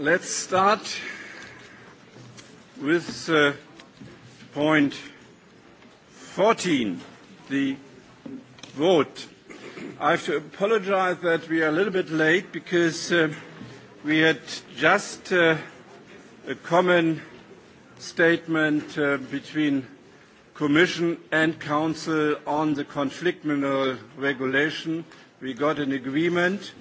Let's start with uh, point 14, the vote. I have to apologize that we are a little bit late because uh, we had just uh, a common statement uh, between Commission and Council on the conflict mineral regulation. We got an agreement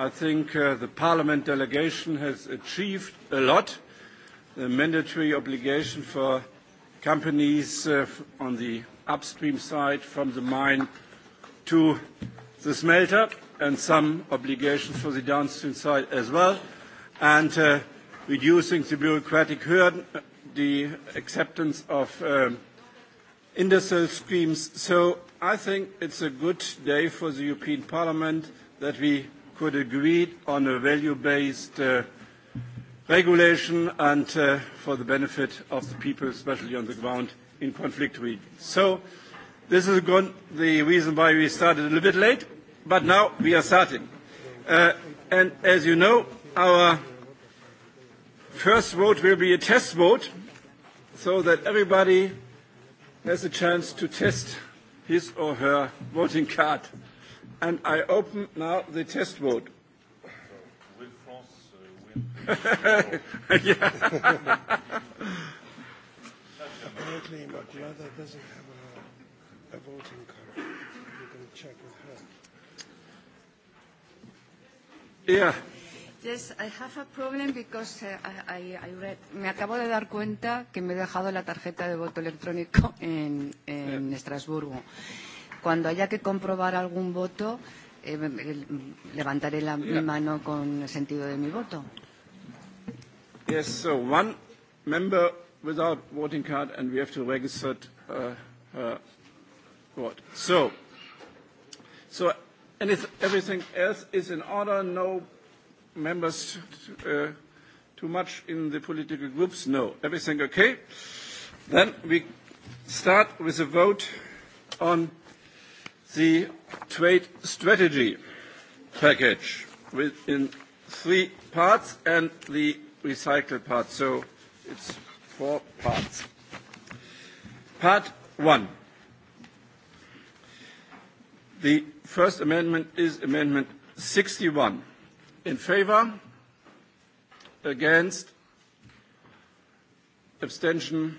I think uh, the Parliament delegation has achieved a lot. The mandatory obligation for companies uh, on the upstream side from the mine to the smelter and some obligations for the downstream side as well, and uh, reducing the bureaucratic hurdle, uh, the acceptance of um, industrial schemes. So I think it's a good day for the European Parliament that we could agree on a value-based uh, regulation and uh, for the benefit of the people, especially on the ground in conflict regions. So this is the reason why we started a little bit late, but now we are starting. Uh, and as you know, our first vote will be a test vote so that everybody has a chance to test his or her voting card. And I open now the test vote. Will France uh, win? yeah. Apparently, Maglada doesn't have a, a voting card. You can check with her. Yeah. Yes, I have a problem because uh, I, I read. Me acabo de dar cuenta que me he dejado la tarjeta de voto electrónico en, en yeah. Estrasburgo. Yeah cuando haya que comprobar algún voto, eh, levantaré la, yeah. mi mano con el sentido de mi voto. Yes, so one member without voting card and we have to register uh, her vote. So, so and if everything else is in order, no members uh, too much in the political groups? No. Everything okay? Then we start with a vote on the trade strategy package in three parts and the recycle part. So it's four parts. Part one. The first amendment is Amendment 61. In favor? Against? Abstention?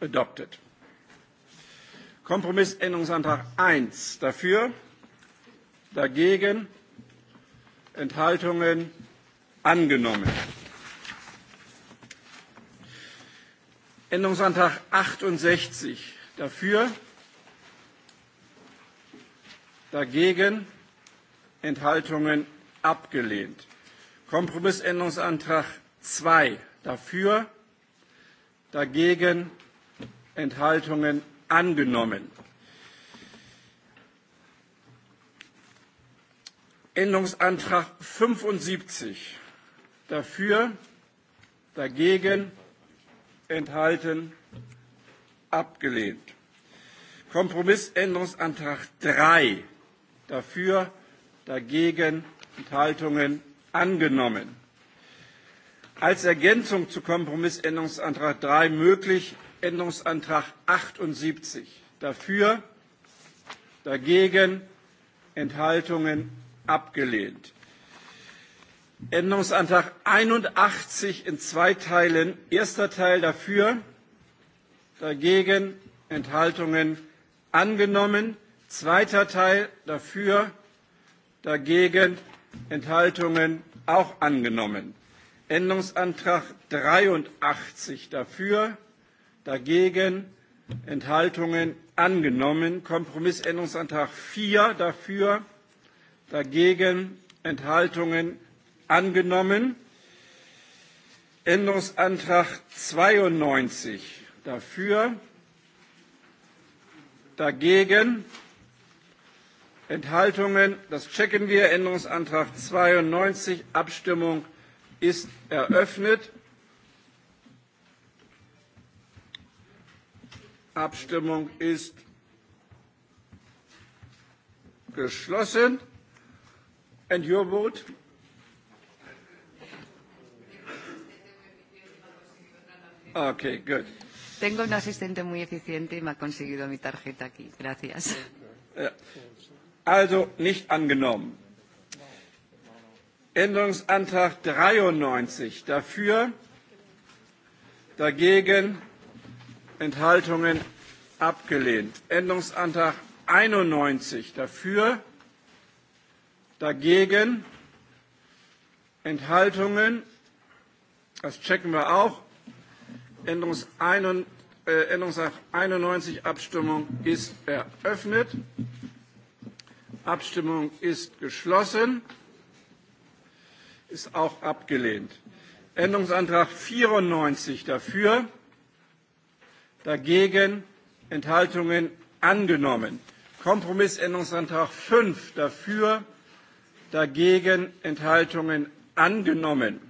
Adopted. Kompromissänderungsantrag 1 dafür, dagegen, Enthaltungen angenommen. Änderungsantrag 68 dafür, dagegen, Enthaltungen abgelehnt. Kompromissänderungsantrag 2 dafür, dagegen, Enthaltungen angenommen. Änderungsantrag 75 dafür, dagegen, enthalten, abgelehnt. Kompromissänderungsantrag 3 dafür, dagegen, Enthaltungen angenommen. Als Ergänzung zu Kompromissänderungsantrag 3 möglich Änderungsantrag 78 dafür, dagegen, Enthaltungen abgelehnt. Änderungsantrag 81 in zwei Teilen. Erster Teil dafür, dagegen, Enthaltungen angenommen. Zweiter Teil dafür, dagegen, Enthaltungen auch angenommen. Änderungsantrag 83 dafür, dagegen, Enthaltungen angenommen. Kompromissänderungsantrag 4 dafür, dagegen, Enthaltungen angenommen. Änderungsantrag 92 dafür, dagegen, Enthaltungen. Das checken wir. Änderungsantrag 92. Abstimmung ist eröffnet. Abstimmung ist geschlossen. And your vote? Okay, good. Tengo un asistente muy eficiente y me ha conseguido mi tarjeta aquí. Gracias. Also nicht angenommen. Änderungsantrag 93 dafür, dagegen Enthaltungen abgelehnt. Änderungsantrag 91 dafür, dagegen, Enthaltungen, das checken wir auch. Änderungs ein, äh, Änderungsantrag 91 Abstimmung ist eröffnet. Abstimmung ist geschlossen. Ist auch abgelehnt. Änderungsantrag 94 dafür dagegen, Enthaltungen angenommen. Kompromissänderungsantrag 5 dafür, dagegen, Enthaltungen angenommen.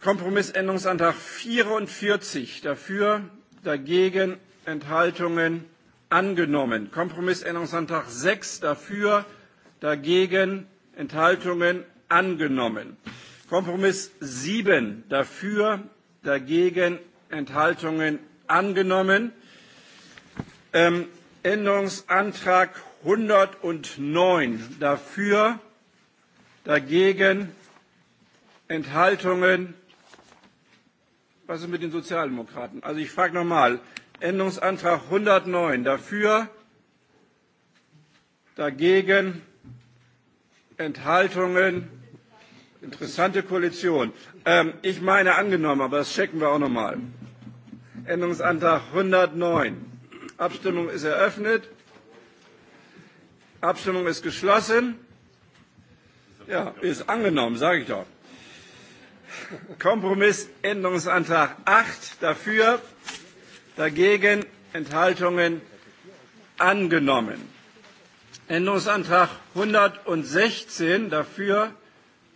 Kompromissänderungsantrag 44 dafür, dagegen, Enthaltungen angenommen. Kompromissänderungsantrag 6 dafür, dagegen, Enthaltungen angenommen. Kompromiss 7 dafür, dagegen, Enthaltungen angenommen. Ähm, Änderungsantrag 109 dafür, dagegen, Enthaltungen. Was ist mit den Sozialdemokraten? Also ich frage nochmal. Änderungsantrag 109 dafür, dagegen, Enthaltungen. Interessante Koalition. Ähm, ich meine angenommen, aber das checken wir auch nochmal. mal. Änderungsantrag 109. Abstimmung ist eröffnet. Abstimmung ist geschlossen. Ja, ist angenommen, sage ich doch. Kompromiss Änderungsantrag 8 dafür, dagegen Enthaltungen angenommen. Änderungsantrag 116 dafür,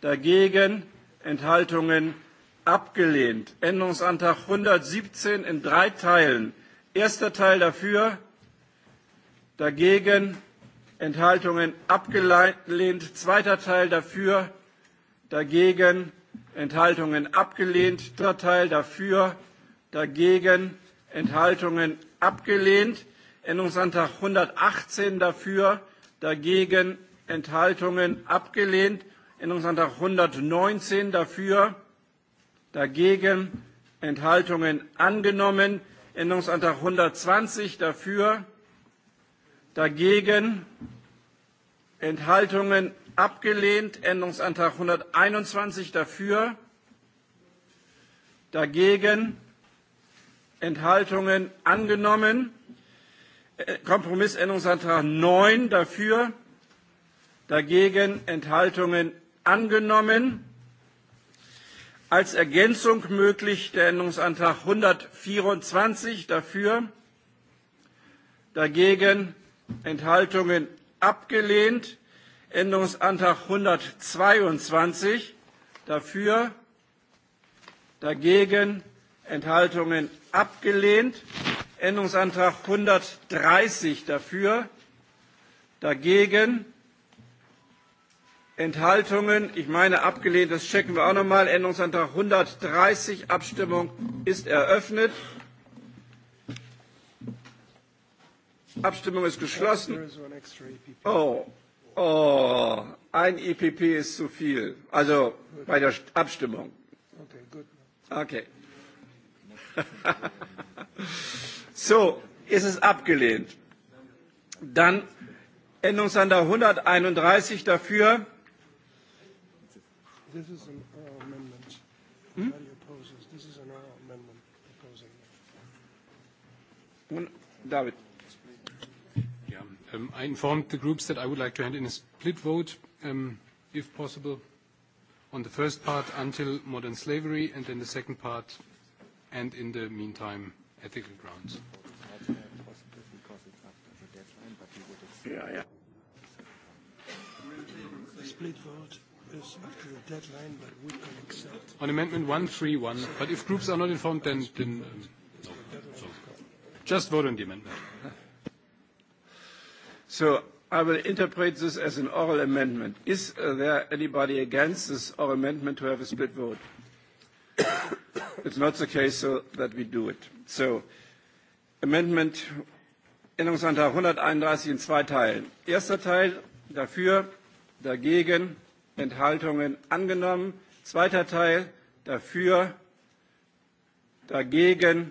dagegen Enthaltungen angenommen abgelehnt. Änderungsantrag 117 in drei Teilen. Erster Teil dafür, dagegen, Enthaltungen abgelehnt. Zweiter Teil dafür, dagegen, Enthaltungen abgelehnt. Dritter Teil dafür, dagegen, Enthaltungen abgelehnt. Änderungsantrag 118 dafür, dagegen, Enthaltungen abgelehnt. Änderungsantrag 119 dafür, dagegen Enthaltungen angenommen. Änderungsantrag 120 dafür, dagegen Enthaltungen abgelehnt. Änderungsantrag 121 dafür, dagegen Enthaltungen angenommen. Äh, Kompromissänderungsantrag 9 dafür, dagegen Enthaltungen angenommen als Ergänzung möglich der Änderungsantrag 124 dafür, dagegen Enthaltungen abgelehnt. Änderungsantrag 122 dafür, dagegen Enthaltungen abgelehnt. Änderungsantrag 130 dafür, dagegen Enthaltungen. Ich meine abgelehnt, das checken wir auch nochmal. Änderungsantrag 130, Abstimmung ist eröffnet. Abstimmung ist geschlossen. Oh, oh, ein EPP ist zu viel. Also bei der Abstimmung. Okay. so, ist es abgelehnt. Dann Änderungsantrag 131 dafür This is an oral amendment. Hmm? Nobody opposes. This is an oral amendment proposing. Un, David. Yeah. Um, I informed the groups that I would like to hand in a split vote, um, if possible, on the first part until modern slavery, and then the second part, and in the meantime, ethical grounds. Yeah, yeah. Split vote is after the deadline, but we can accept. On amendment 131, but if groups are not informed, then, then um, no. So just vote on the amendment. So I will interpret this as an oral amendment. Is uh, there anybody against this oral amendment to have a split vote? it's not the case, so that we do it. So amendment Änderungsantrag 131 in zwei Teilen. Erster Teil dafür, dagegen, Enthaltungen angenommen. Zweiter Teil dafür, dagegen,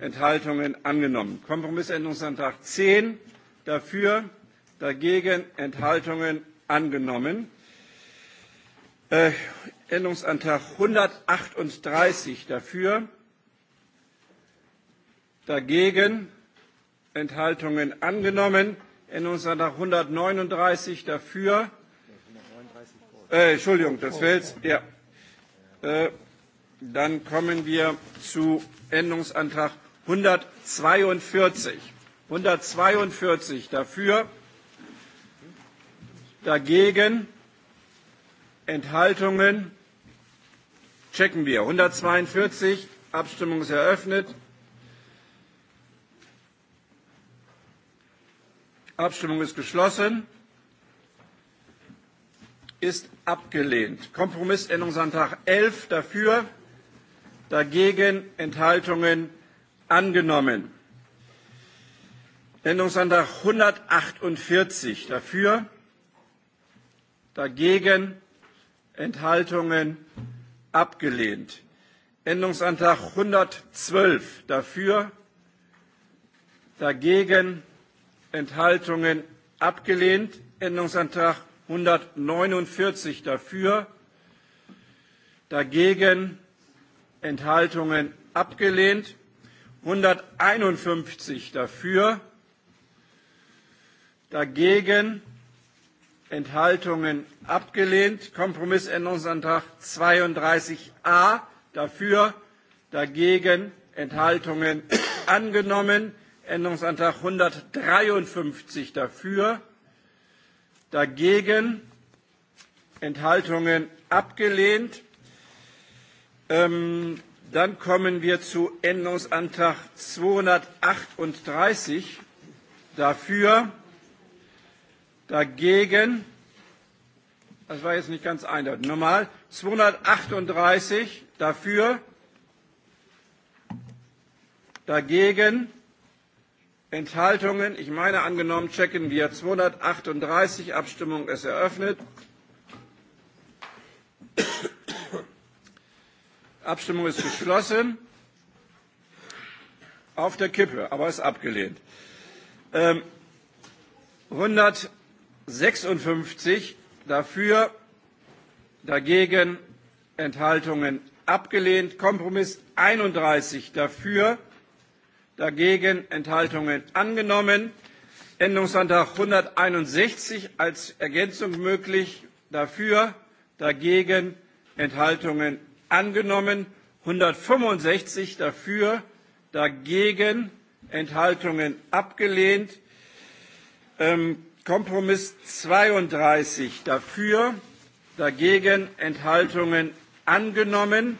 Enthaltungen angenommen. Kompromissänderungsantrag 10 dafür, dagegen, Enthaltungen angenommen. Äh, Änderungsantrag 138 dafür, dagegen, Enthaltungen angenommen. Änderungsantrag 139 dafür, Äh, Entschuldigung, das Fels. Ja. Äh, dann kommen wir zu Änderungsantrag 142. 142 dafür, dagegen, Enthaltungen, checken wir. 142, Abstimmung ist eröffnet. Abstimmung ist geschlossen ist abgelehnt. Kompromissänderungsantrag 11 dafür, dagegen Enthaltungen angenommen. Änderungsantrag 148 dafür, dagegen Enthaltungen abgelehnt. Änderungsantrag 112 dafür, dagegen Enthaltungen abgelehnt. Änderungsantrag 149 dafür, dagegen Enthaltungen abgelehnt, 151 dafür, dagegen Enthaltungen abgelehnt, Kompromissänderungsantrag 32a dafür, dagegen Enthaltungen angenommen, Änderungsantrag 153 dafür, dagegen, Enthaltungen abgelehnt. Ähm, dann kommen wir zu Änderungsantrag 238 dafür, dagegen, das war jetzt nicht ganz eindeutig, nochmal, 238 dafür, dagegen, Enthaltungen. Ich meine angenommen, checken wir 238. Abstimmung ist eröffnet. Abstimmung ist geschlossen. Auf der Kippe, aber ist abgelehnt. Ähm, 156 dafür, dagegen Enthaltungen abgelehnt. Kompromiss 31 dafür, dagegen Enthaltungen angenommen. Änderungsantrag 161 als Ergänzung möglich, dafür, dagegen Enthaltungen angenommen. 165 dafür, dagegen Enthaltungen abgelehnt. Ähm, Kompromiss 32 dafür, dagegen Enthaltungen angenommen.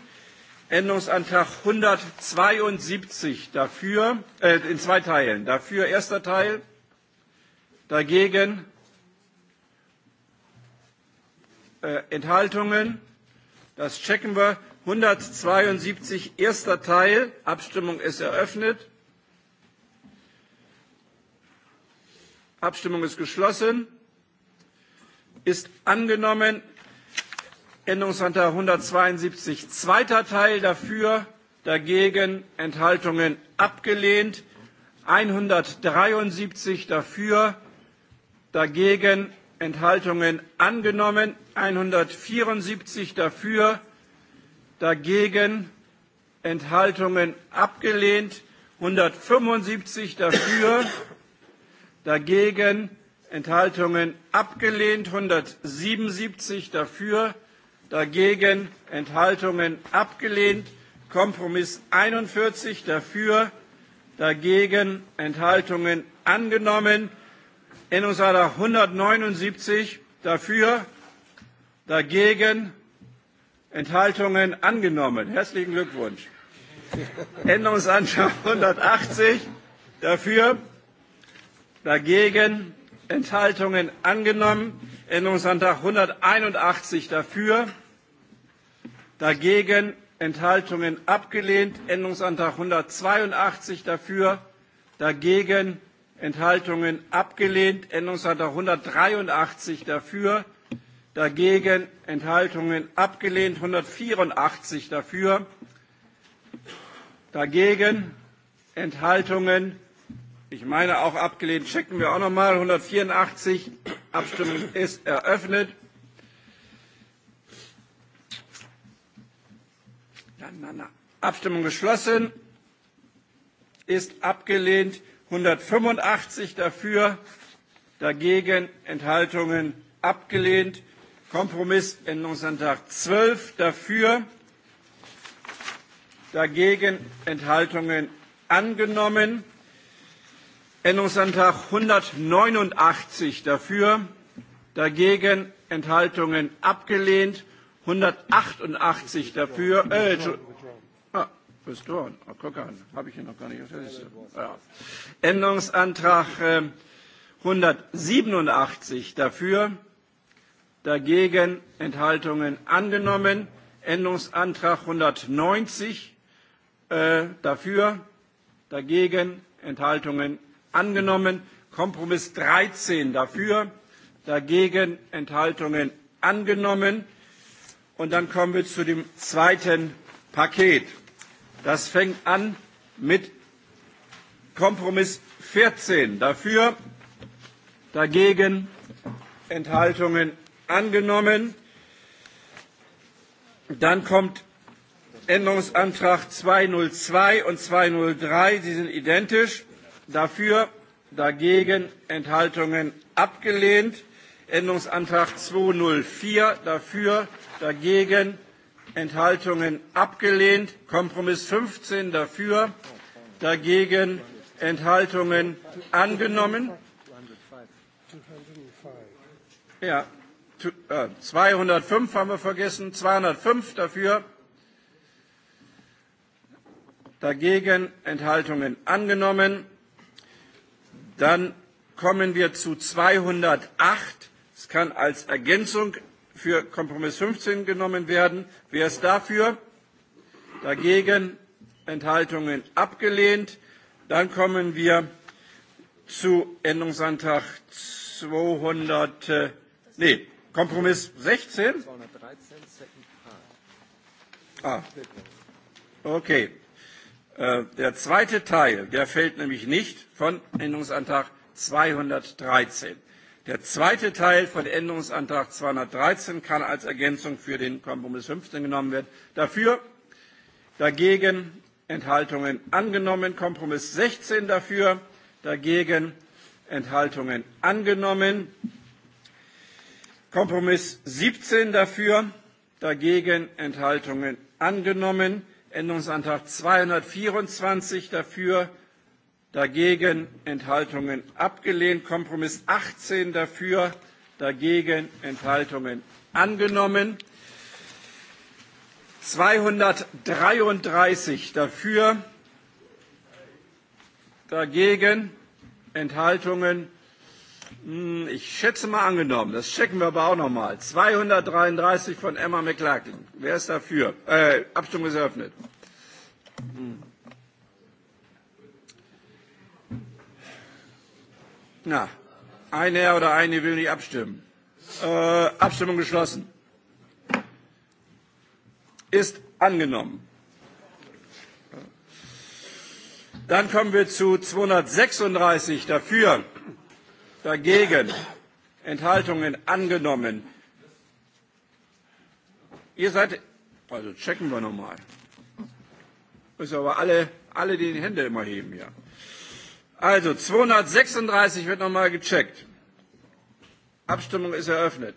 Änderungsantrag 172 dafür, äh, in zwei Teilen. Dafür erster Teil, dagegen äh, Enthaltungen. Das checken wir. 172 erster Teil. Abstimmung ist eröffnet. Abstimmung ist geschlossen. Ist angenommen Änderungsantrag 172, zweiter Teil dafür, dagegen, Enthaltungen abgelehnt. 173 dafür, dagegen, Enthaltungen angenommen. 174 dafür, dagegen, Enthaltungen abgelehnt. 175 dafür, dagegen, Enthaltungen abgelehnt. 177 dafür, dagegen, dagegen Enthaltungen abgelehnt. Kompromiss 41 dafür, dagegen Enthaltungen angenommen. Änderungsantrag 179 dafür, dagegen Enthaltungen angenommen. Herzlichen Glückwunsch. Änderungsantrag 180 dafür, dagegen Enthaltungen angenommen. Änderungsantrag 181 dafür, dagegen Enthaltungen abgelehnt. Änderungsantrag 182 dafür, dagegen Enthaltungen abgelehnt. Änderungsantrag 183 dafür, dagegen Enthaltungen abgelehnt. 184 dafür, dagegen Enthaltungen. Ich meine auch abgelehnt. Checken wir auch nochmal. 184. Abstimmung ist eröffnet. nein, nein, nein. Abstimmung geschlossen. Ist abgelehnt. 185 dafür, dagegen Enthaltungen abgelehnt. Kompromiss Änderungsantrag 12 dafür, dagegen Enthaltungen angenommen. Änderungsantrag 189 dafür, dagegen Enthaltungen abgelehnt. 188 dafür. Äh, ah, withdrawn. Oh, ah, guck an, habe ich hier noch gar nicht auf der Liste. Ja. Änderungsantrag äh, 187 dafür. Dagegen Enthaltungen angenommen. Änderungsantrag 190 äh, dafür. Dagegen Enthaltungen angenommen. Kompromiss 13 dafür. Dagegen Enthaltungen angenommen. Und dann kommen wir zu dem zweiten Paket. Das fängt an mit Kompromiss 14. Dafür, dagegen, Enthaltungen angenommen. Dann kommt Änderungsantrag 202 und 203. Sie sind identisch. Dafür, dagegen, Enthaltungen abgelehnt. Änderungsantrag 204 dafür, dagegen, Enthaltungen abgelehnt. Kompromiss 15 dafür, dagegen, Enthaltungen angenommen. Ja, 205 äh, haben wir vergessen, 205 dafür, dagegen, Enthaltungen angenommen. Dann kommen wir zu 208. Es kann als Ergänzung für Kompromiss 15 genommen werden. Wer ist dafür? Dagegen? Enthaltungen abgelehnt. Dann kommen wir zu Änderungsantrag 200, äh, nee, Kompromiss 16. 213, ah, okay. Äh, der zweite Teil, der fällt nämlich nicht von Änderungsantrag 213. Der zweite Teil von Änderungsantrag 213 kann als Ergänzung für den Kompromiss 15 genommen werden. Dafür, dagegen, Enthaltungen angenommen. Kompromiss 16 dafür, dagegen, Enthaltungen angenommen. Kompromiss 17 dafür, dagegen, Enthaltungen angenommen. Änderungsantrag 224 dafür, dagegen Enthaltungen abgelehnt. Kompromiss 18 dafür, dagegen Enthaltungen angenommen. 233 dafür, dagegen Enthaltungen. Hm, ich schätze mal angenommen. Das checken wir aber auch nochmal. 233 von Emma McLaughlin. Wer ist dafür? Äh, Abstimmung ist eröffnet. Mhm. Na, ein Herr oder eine will nicht abstimmen. Äh, Abstimmung geschlossen. Ist angenommen. Dann kommen wir zu 236 dafür, dagegen, Enthaltungen angenommen. Ihr seid, also checken wir nochmal. Müssen aber alle, alle die Hände immer heben hier. Ja. Also 236 wird nochmal gecheckt. Abstimmung ist eröffnet.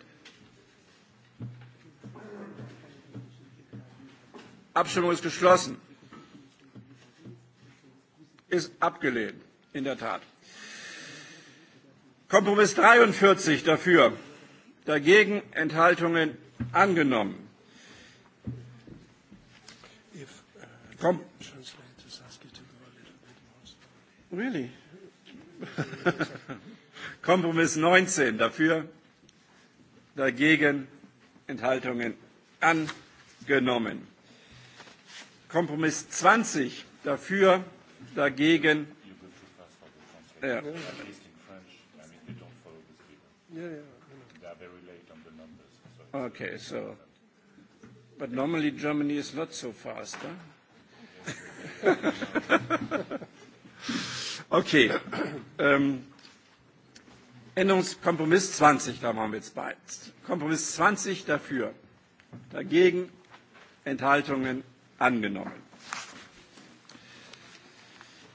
Abstimmung ist geschlossen. Ist abgelehnt, in der Tat. Kompromiss 43 dafür, dagegen Enthaltungen angenommen. Äh, Kom Really? Kompromiss 19 dafür, dagegen, Enthaltungen angenommen. Kompromiss 20 dafür, dagegen. Ja. Okay, so. But normally Germany is not so fast, huh? Okay. Ähm, Änderungskompromiss 20, da waren wir jetzt bei. Kompromiss 20 dafür. Dagegen Enthaltungen angenommen.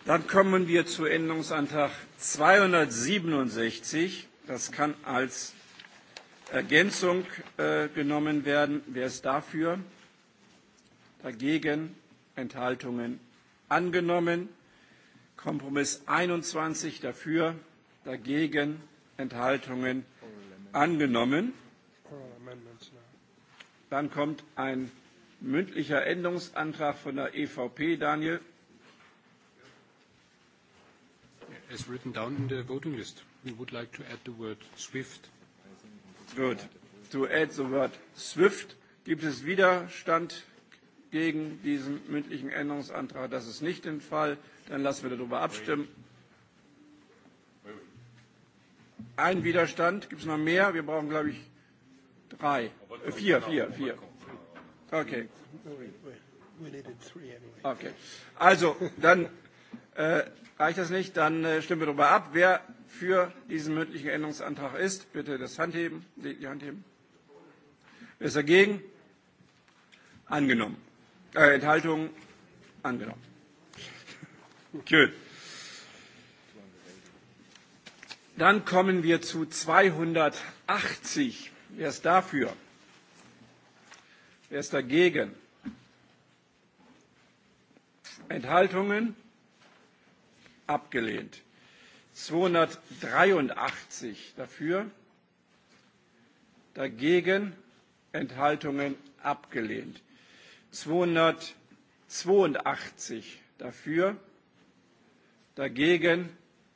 Dann kommen wir zu Änderungsantrag 267. Das kann als Ergänzung äh, genommen werden. Wer ist dafür? Dagegen Enthaltungen angenommen. Kompromiss 21 dafür, dagegen, Enthaltungen angenommen. Dann kommt ein mündlicher Änderungsantrag von der EVP, Daniel. As er written down in the voting list, we would like to add the word SWIFT. Good. To add the word SWIFT. Gibt es Widerstand? gegen diesen mündlichen Änderungsantrag? Das ist nicht der Fall. Dann lassen wir darüber abstimmen. Ein Widerstand. Gibt es noch mehr? Wir brauchen, glaube ich, drei. Äh, vier, vier, vier. Okay. Okay. Also, dann äh, reicht das nicht. Dann äh, stimmen wir darüber ab. Wer für diesen mündlichen Änderungsantrag ist, bitte das Handheben, die Hand heben. Wer ist dagegen? Angenommen. Äh, Enthaltungen angenommen. Gut. Dann kommen wir zu 280. Wer ist dafür? Wer ist dagegen? Enthaltungen? Abgelehnt. 283 dafür. Dagegen? Enthaltungen? Abgelehnt. 282 dafür, dagegen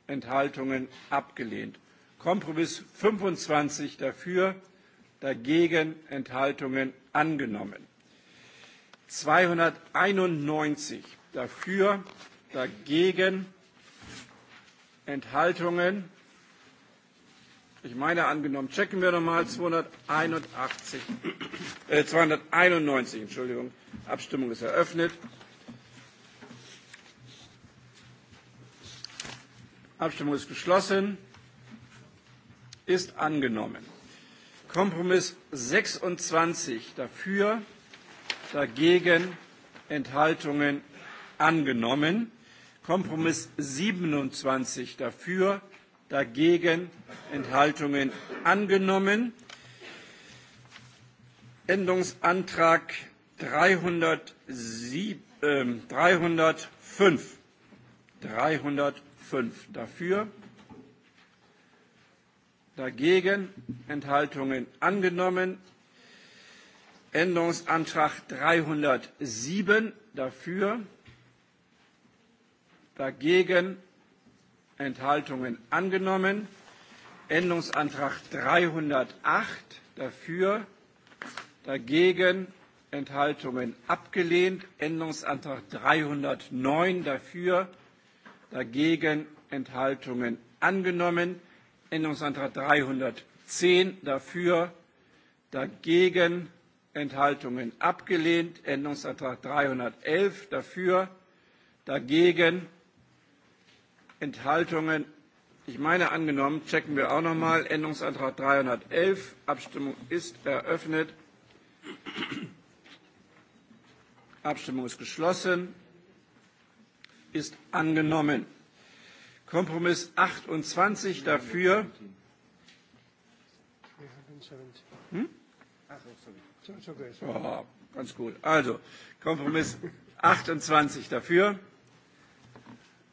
Enthaltungen abgelehnt. Kompromiss 25 dafür, dagegen Enthaltungen angenommen. 291 dafür, dagegen Enthaltungen Ich meine angenommen. Checken wir nochmal 281, äh, 291, Entschuldigung. Abstimmung ist eröffnet. Abstimmung ist geschlossen. Ist angenommen. Kompromiss 26 dafür, dagegen Enthaltungen angenommen. Kompromiss 27 dafür, dagegen Enthaltungen angenommen. Änderungsantrag 307, äh, 305. 305 dafür. Dagegen Enthaltungen angenommen. Änderungsantrag 307 dafür. Dagegen Enthaltungen angenommen. Änderungsantrag 308 dafür, dagegen Enthaltungen abgelehnt. Änderungsantrag 309 dafür, dagegen Enthaltungen angenommen. Änderungsantrag 310 dafür, dagegen Enthaltungen abgelehnt. Änderungsantrag 311 dafür, dagegen Enthaltungen? Ich meine angenommen, checken wir auch nochmal. Änderungsantrag 311. Abstimmung ist eröffnet. Abstimmung ist geschlossen. Ist angenommen. Kompromiss 28 dafür. Hm? Oh, ganz gut. Also, Kompromiss 28 dafür.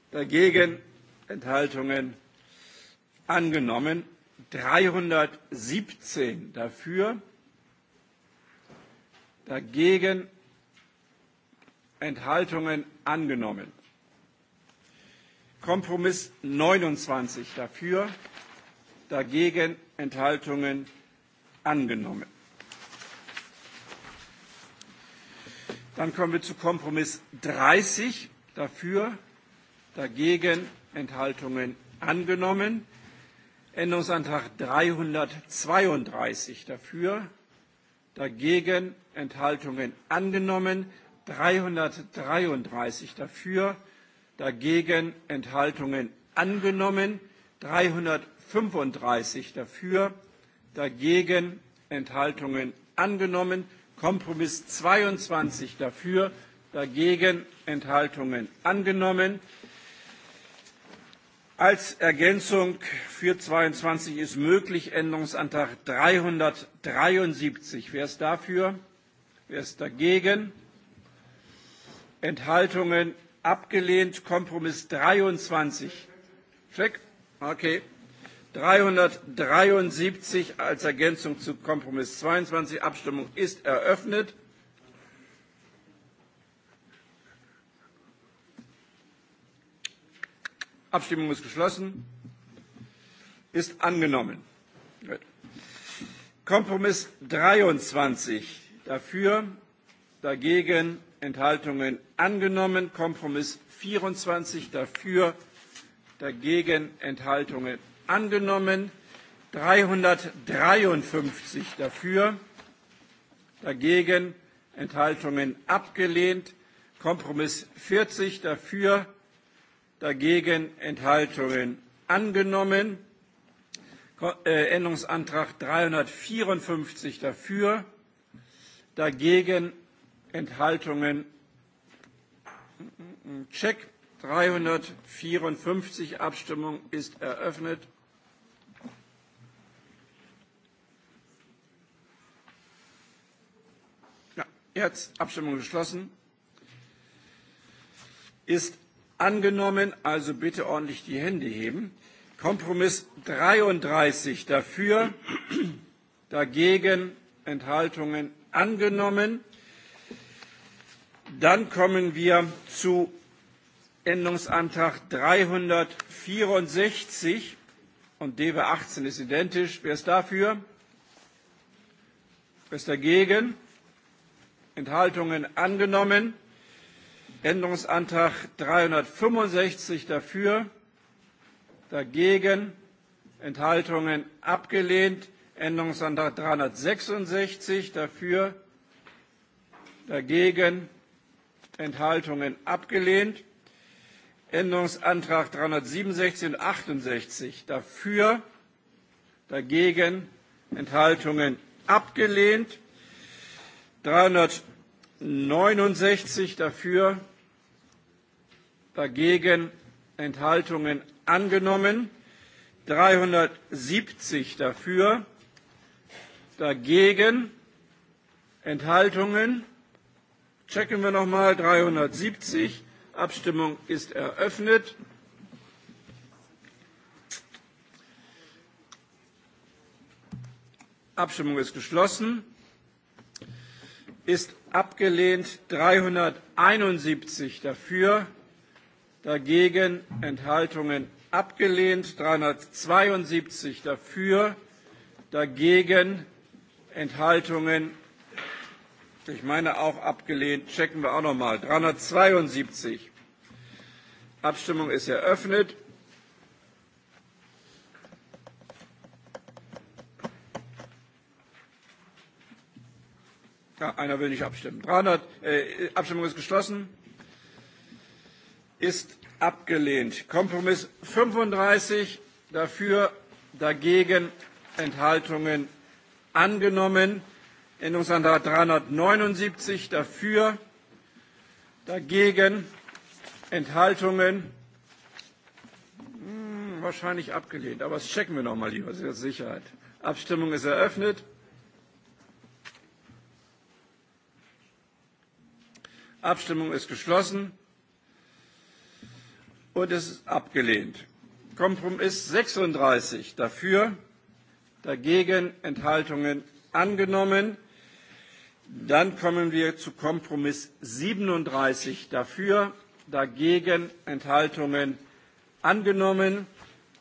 Dagegen Enthaltungen angenommen. 317 dafür, dagegen Enthaltungen angenommen. Kompromiss 29 dafür, dagegen Enthaltungen angenommen. Dann kommen wir zu Kompromiss 30 dafür, dagegen Enthaltungen angenommen. Änderungsantrag 332 dafür, dagegen Enthaltungen angenommen. 333 dafür, dagegen Enthaltungen angenommen. 335 dafür, dagegen Enthaltungen angenommen. Kompromiss 22 dafür, dagegen Enthaltungen angenommen. Als Ergänzung für 22 ist möglich Änderungsantrag 373. Wer ist dafür? Wer ist dagegen? Enthaltungen abgelehnt. Kompromiss 23. Check. Okay. 373 als Ergänzung zu Kompromiss 22. Abstimmung ist eröffnet. Abstimmung ist geschlossen. Ist angenommen. Gut. Kompromiss 23 dafür, dagegen Enthaltungen angenommen. Kompromiss 24 dafür, dagegen Enthaltungen angenommen. 353 dafür, dagegen Enthaltungen abgelehnt. Kompromiss 40 dafür, dagegen Enthaltungen angenommen. Äh, Änderungsantrag 354 dafür, dagegen Enthaltungen. Check 354 Abstimmung ist eröffnet. Ja, jetzt Abstimmung geschlossen. Ist angenommen, also bitte ordentlich die Hände heben. Kompromiss 33 dafür, dagegen Enthaltungen angenommen. Dann kommen wir zu Änderungsantrag 364 und DW 18 ist identisch. Wer ist dafür? Wer ist dagegen? Enthaltungen angenommen. Änderungsantrag 365 dafür, dagegen, Enthaltungen abgelehnt. Änderungsantrag 366 dafür, dagegen, Enthaltungen abgelehnt. Änderungsantrag 367 und 68 dafür, dagegen, Enthaltungen abgelehnt. 369 dafür, dagegen Enthaltungen angenommen, 370 dafür, dagegen Enthaltungen. Checken wir nochmal 370. Abstimmung ist eröffnet. Abstimmung ist geschlossen. Ist abgelehnt 371 dafür, dagegen Enthaltungen abgelehnt, 372 dafür, dagegen Enthaltungen, ich meine auch abgelehnt, checken wir auch nochmal, 372. Abstimmung ist eröffnet. Ja, einer will nicht abstimmen. 300, äh, Abstimmung ist geschlossen ist abgelehnt. Kompromiss 35 dafür, dagegen Enthaltungen angenommen. Änderungsantrag 379 dafür, dagegen Enthaltungen hm, wahrscheinlich abgelehnt. Aber das checken wir noch mal lieber zur Sicherheit. Abstimmung ist eröffnet. Abstimmung ist geschlossen und es ist abgelehnt. Kompromiss 36 dafür, dagegen Enthaltungen angenommen. Dann kommen wir zu Kompromiss 37 dafür, dagegen Enthaltungen angenommen.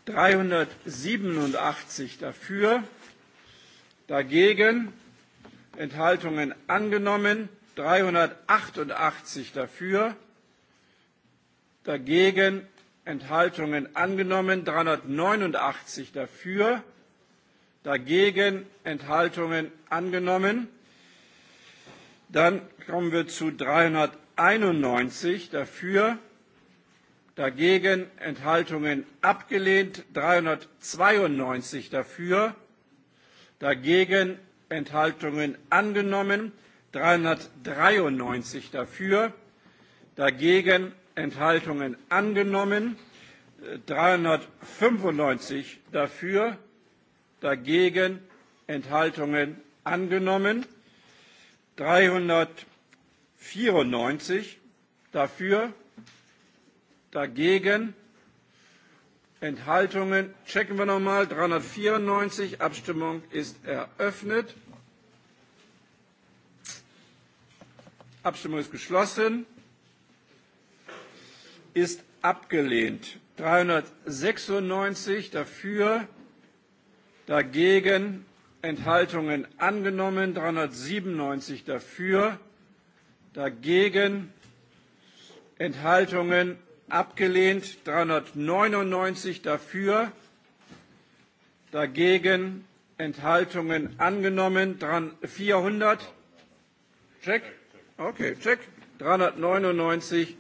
387 dafür, dagegen Enthaltungen angenommen. 388 dafür, dagegen Enthaltungen angenommen, 389 dafür, dagegen Enthaltungen angenommen. Dann kommen wir zu 391 dafür, dagegen Enthaltungen abgelehnt, 392 dafür, dagegen Enthaltungen angenommen, 393 dafür, dagegen Enthaltungen angenommen. 395 äh, dafür, dagegen Enthaltungen angenommen. 394 dafür, dagegen Enthaltungen. Checken wir nochmal. 394. Abstimmung ist eröffnet. Abstimmung ist geschlossen ist abgelehnt. 396 dafür, dagegen Enthaltungen angenommen, 397 dafür, dagegen Enthaltungen abgelehnt, 399 dafür, dagegen Enthaltungen angenommen, 400 Check. Okay, check. 399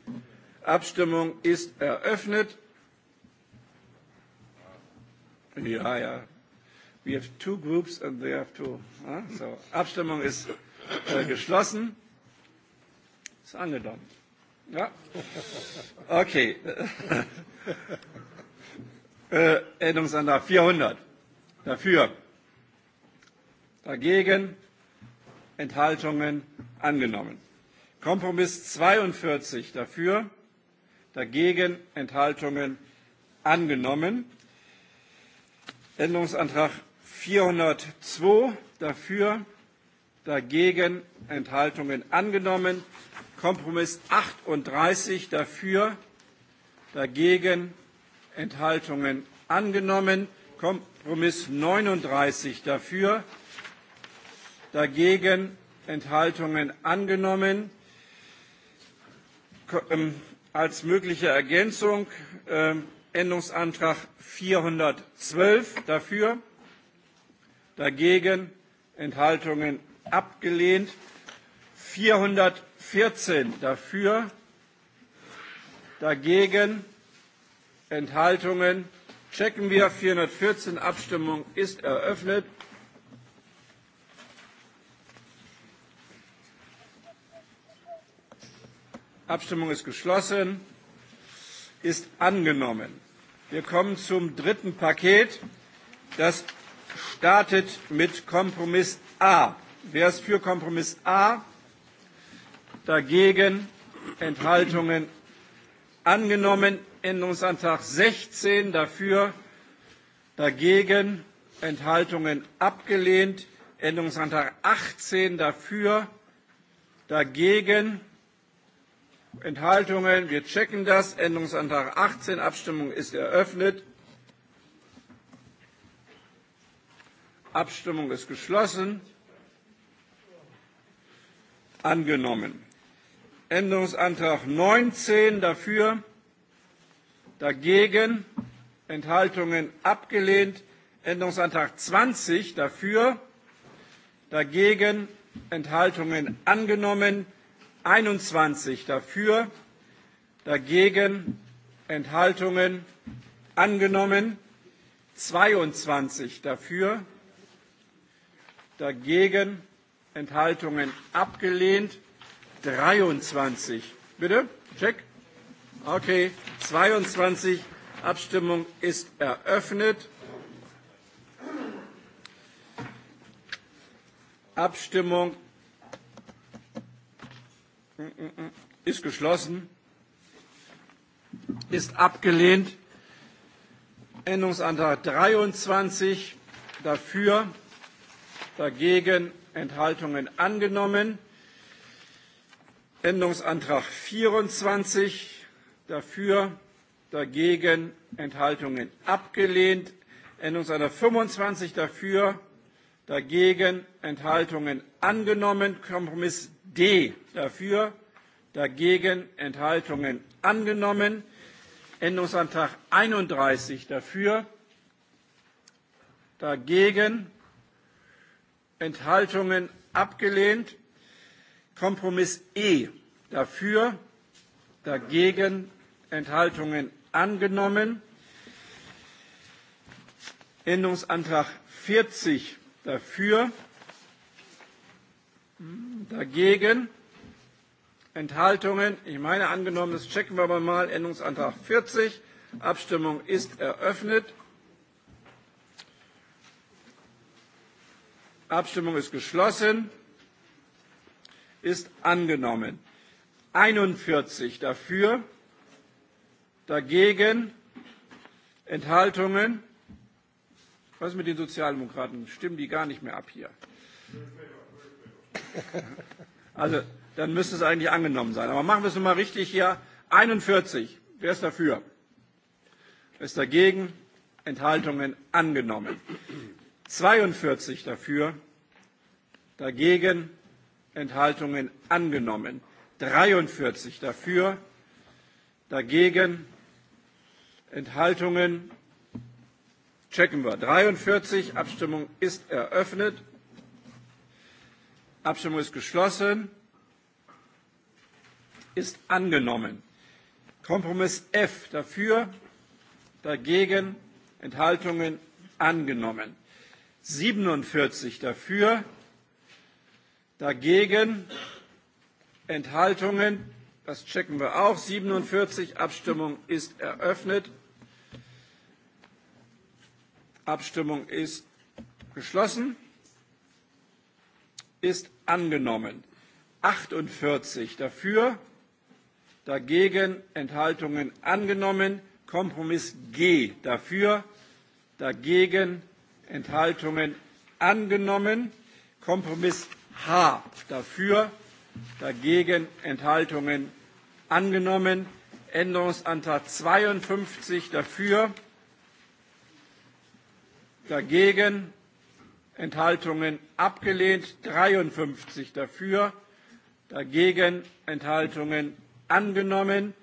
Abstimmung ist eröffnet. Ja, ja. We have two groups and they have two. Huh? So, Abstimmung ist äh, geschlossen. Ist angenommen. Ja. Okay. äh, Änderungsantrag 400. Dafür. Dagegen. Enthaltungen angenommen. Kompromiss 42 dafür dagegen Enthaltungen angenommen. Änderungsantrag 402 dafür, dagegen Enthaltungen angenommen. Kompromiss 38 dafür, dagegen Enthaltungen angenommen. Kompromiss 39 dafür, dagegen Enthaltungen angenommen. Ko ähm, als mögliche Ergänzung äh, Änderungsantrag 412 dafür, dagegen Enthaltungen abgelehnt, 414 dafür, dagegen Enthaltungen. Checken wir 414, Abstimmung ist eröffnet. Abstimmung ist geschlossen. Ist angenommen. Wir kommen zum dritten Paket. Das startet mit Kompromiss A. Wer ist für Kompromiss A? Dagegen? Enthaltungen? Angenommen. Änderungsantrag 16 dafür, dagegen, Enthaltungen abgelehnt. Änderungsantrag 18 dafür, dagegen, Enthaltungen. Wir checken das. Änderungsantrag 18. Abstimmung ist eröffnet. Abstimmung ist geschlossen. Angenommen. Änderungsantrag 19 dafür, dagegen, Enthaltungen abgelehnt. Änderungsantrag 20 dafür, dagegen, Enthaltungen angenommen einundzwanzig dafür, dagegen Enthaltungen angenommen, 22 dafür, dagegen Enthaltungen abgelehnt, 23. Bitte? Check? Okay, 22. Abstimmung ist eröffnet. Abstimmung ist geschlossen, ist abgelehnt. Änderungsantrag 23 dafür, dagegen Enthaltungen angenommen. Änderungsantrag 24 dafür, dagegen Enthaltungen abgelehnt. Änderungsantrag 25 dafür, dagegen Enthaltungen angenommen. Kompromiss D dafür, dagegen Enthaltungen angenommen. Änderungsantrag 31 dafür, dagegen Enthaltungen abgelehnt. Kompromiss E dafür, dagegen Enthaltungen angenommen. Änderungsantrag 40 dafür, Dagegen? Enthaltungen? Ich meine angenommen, das checken wir aber mal. Änderungsantrag 40. Abstimmung ist eröffnet. Abstimmung ist geschlossen. Ist angenommen. 41 dafür, dagegen, Enthaltungen. Was ist mit den Sozialdemokraten? Stimmen die gar nicht mehr ab hier? Also, dann müsste es eigentlich angenommen sein. Aber machen wir es nochmal richtig hier. 41. Wer ist dafür? Wer ist dagegen? Enthaltungen angenommen. 42 dafür, dagegen Enthaltungen angenommen. 43 dafür, dagegen Enthaltungen checken wir. 43 Abstimmung ist eröffnet. Abstimmung ist geschlossen. Ist angenommen. Kompromiss F dafür, dagegen, Enthaltungen angenommen. 47 dafür, dagegen, Enthaltungen, das checken wir auch. 47, Abstimmung ist eröffnet. Abstimmung ist geschlossen ist angenommen. 48 dafür, dagegen Enthaltungen angenommen. Kompromiss G dafür, dagegen Enthaltungen angenommen. Kompromiss H dafür, dagegen Enthaltungen angenommen. Änderungsantrag 52 dafür, dagegen Enthaltungen abgelehnt, 53 dafür, dagegen Enthaltungen angenommen.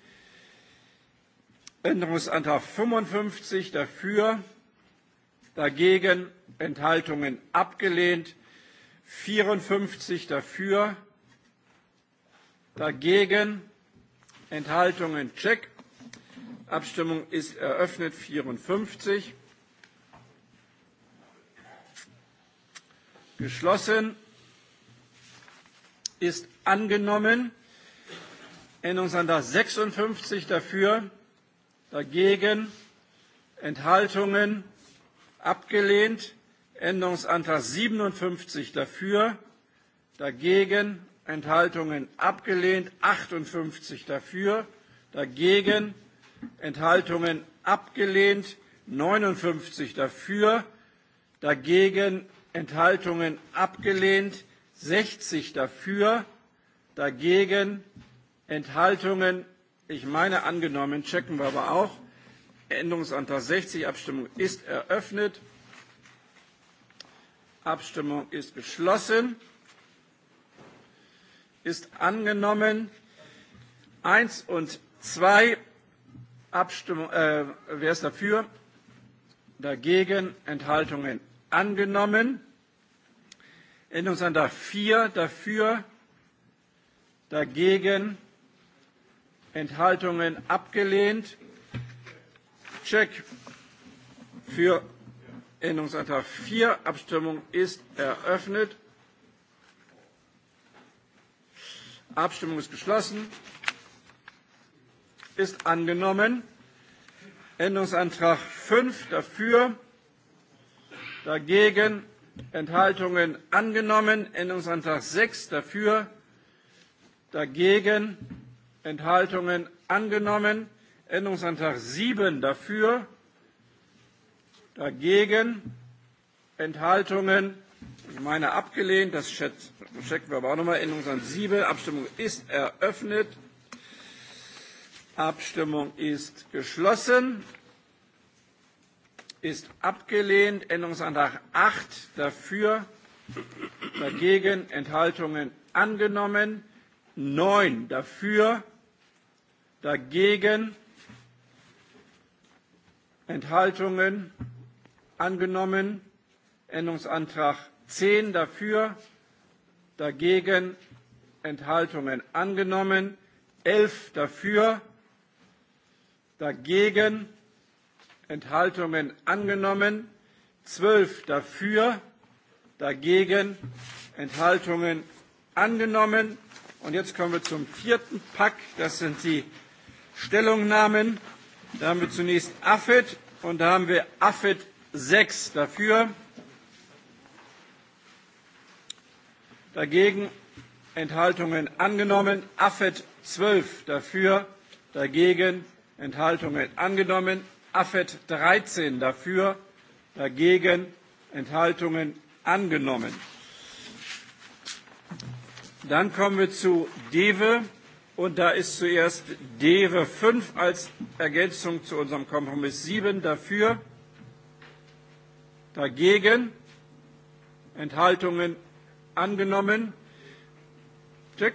Änderungsantrag 55 dafür, dagegen Enthaltungen abgelehnt, 54 dafür, dagegen Enthaltungen check. Abstimmung ist eröffnet, 54. geschlossen, ist angenommen. Änderungsantrag 56 dafür, dagegen, Enthaltungen, abgelehnt. Änderungsantrag 57 dafür, dagegen, Enthaltungen abgelehnt, 58 dafür, dagegen, Enthaltungen abgelehnt, 59 dafür, dagegen Enthaltungen abgelehnt, 60 dafür, dagegen, Enthaltungen, ich meine angenommen, checken wir aber auch. Änderungsantrag 60, Abstimmung ist eröffnet. Abstimmung ist geschlossen. Ist angenommen. 1 und 2. Abstimmung, äh, wer ist dafür? Dagegen. Enthaltungen angenommen. Änderungsantrag 4 dafür, dagegen, Enthaltungen abgelehnt. Check für Änderungsantrag 4. Abstimmung ist eröffnet. Abstimmung ist geschlossen. Ist angenommen. Änderungsantrag 5 dafür, dagegen, Enthaltungen angenommen. Änderungsantrag 6 dafür, dagegen, Enthaltungen angenommen. Änderungsantrag 7 dafür, dagegen, Enthaltungen, ich meine abgelehnt, das checken wir aber auch nochmal, Änderungsantrag 7, Abstimmung ist eröffnet, Abstimmung ist geschlossen ist abgelehnt. Änderungsantrag 8 dafür, dagegen, Enthaltungen angenommen. 9 dafür, dagegen, Enthaltungen angenommen. Änderungsantrag 10 dafür, dagegen, Enthaltungen angenommen. 11 dafür, dagegen, Enthaltungen Enthaltungen angenommen, 12 dafür, dagegen, Enthaltungen angenommen. Und jetzt kommen wir zum vierten Pack, das sind die Stellungnahmen. Da haben wir zunächst AFED und da haben wir AFED 6 dafür, dagegen, Enthaltungen angenommen, AFED 12 dafür, dagegen, Enthaltungen angenommen, AFET 13 dafür, dagegen, Enthaltungen angenommen. Dann kommen wir zu DEWE. Und da ist zuerst DEWE 5 als Ergänzung zu unserem Kompromiss 7 dafür, dagegen, Enthaltungen angenommen. Check.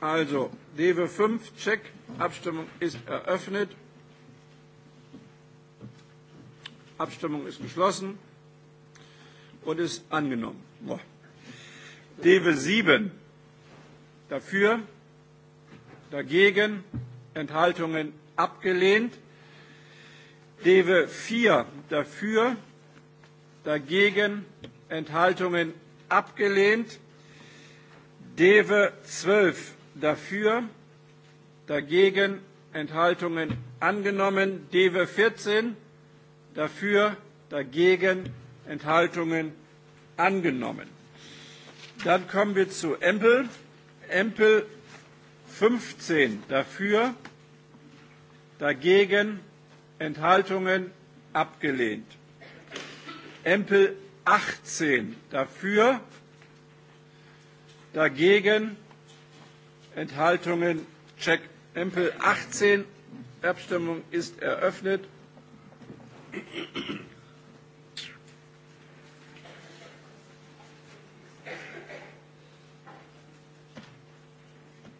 Also, DEWE 5, Check. Abstimmung ist eröffnet. Abstimmung ist geschlossen und ist angenommen. Boah. Dewe 7. Dafür, dagegen, Enthaltungen abgelehnt. Dewe 4. Dafür, dagegen, Enthaltungen abgelehnt. Dewe 12. Dafür, dagegen, Enthaltungen angenommen. Dewe 14 dafür, dagegen, Enthaltungen angenommen. Dann kommen wir zu Empel. Empel 15 dafür, dagegen, Enthaltungen abgelehnt. Empel 18 dafür, dagegen, Enthaltungen check. Empel 18, Abstimmung ist eröffnet.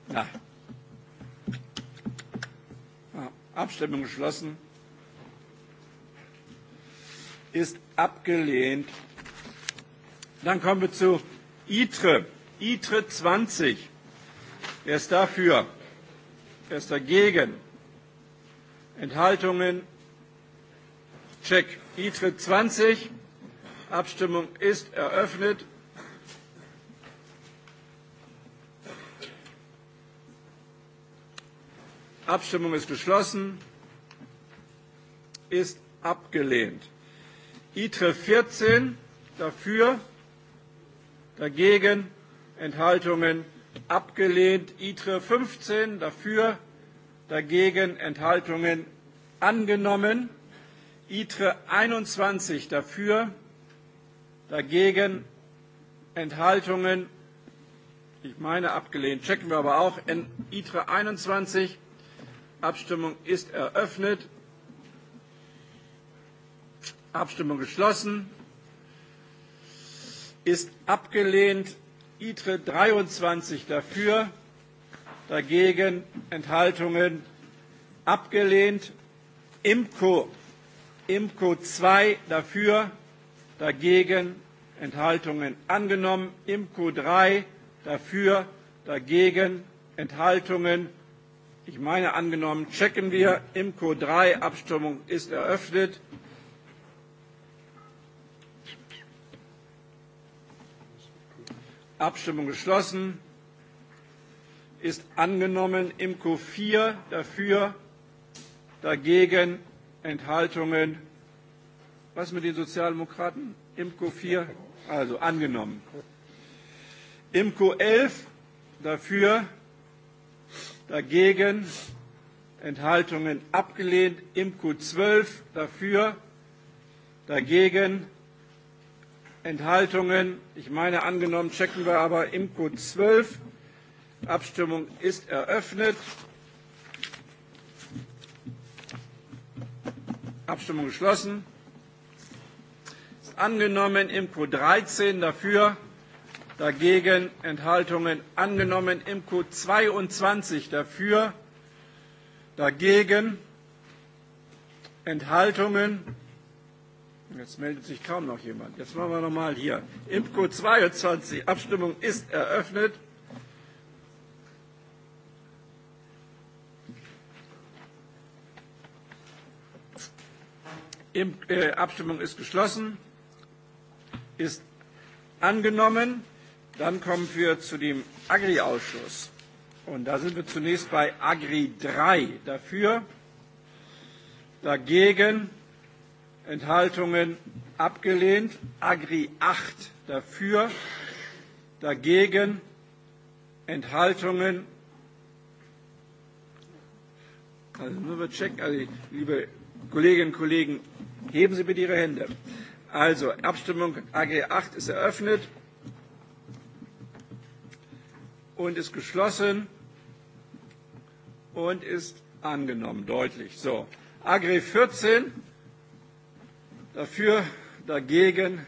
Na. Ja, Abstimmung geschlossen. Ist abgelehnt. Dann kommen wir zu ITRE. ITRE 20. Wer ist dafür? Wer ist dagegen? Enthaltungen Check. ITRE 20. Abstimmung ist eröffnet. Abstimmung ist geschlossen. Ist abgelehnt. ITRE 14 dafür, dagegen, Enthaltungen abgelehnt. ITRE 15 dafür, dagegen, Enthaltungen angenommen. ITRE 21 dafür, dagegen Enthaltungen. Ich meine abgelehnt. Checken wir aber auch. In ITRE 21. Abstimmung ist eröffnet. Abstimmung geschlossen. Ist abgelehnt. ITRE 23 dafür, dagegen Enthaltungen abgelehnt. IMCO Imco 2 dafür, dagegen, Enthaltungen angenommen. Imco 3 dafür, dagegen, Enthaltungen. Ich meine angenommen, checken wir. Imco 3 Abstimmung ist eröffnet. Abstimmung geschlossen. Ist angenommen. Imco 4 dafür, dagegen, Enthaltungen. Was mit den Sozialdemokraten? Imco 4, also angenommen. Imco 11, dafür, dagegen, Enthaltungen abgelehnt. Imco 12, dafür, dagegen, Enthaltungen. Ich meine, angenommen checken wir aber Imco 12. Abstimmung ist eröffnet. Abstimmung geschlossen. Ist angenommen. Imco 13 dafür. Dagegen Enthaltungen angenommen. Imco 22 dafür. Dagegen Enthaltungen. Jetzt meldet sich kaum noch jemand. Jetzt machen wir nochmal hier. Imco 22. Abstimmung ist eröffnet. Im, äh, Abstimmung ist geschlossen. Ist angenommen. Dann kommen wir zu dem Agri-Ausschuss. Und da sind wir zunächst bei Agri 3. Dafür, dagegen, Enthaltungen abgelehnt. Agri 8 dafür, dagegen, Enthaltungen. Also nur wir checken, also liebe Kolleginnen und Kollegen, heben Sie bitte Ihre Hände. Also, Abstimmung AG 8 ist eröffnet und ist geschlossen und ist angenommen, deutlich. So, Agri 14, dafür, dagegen,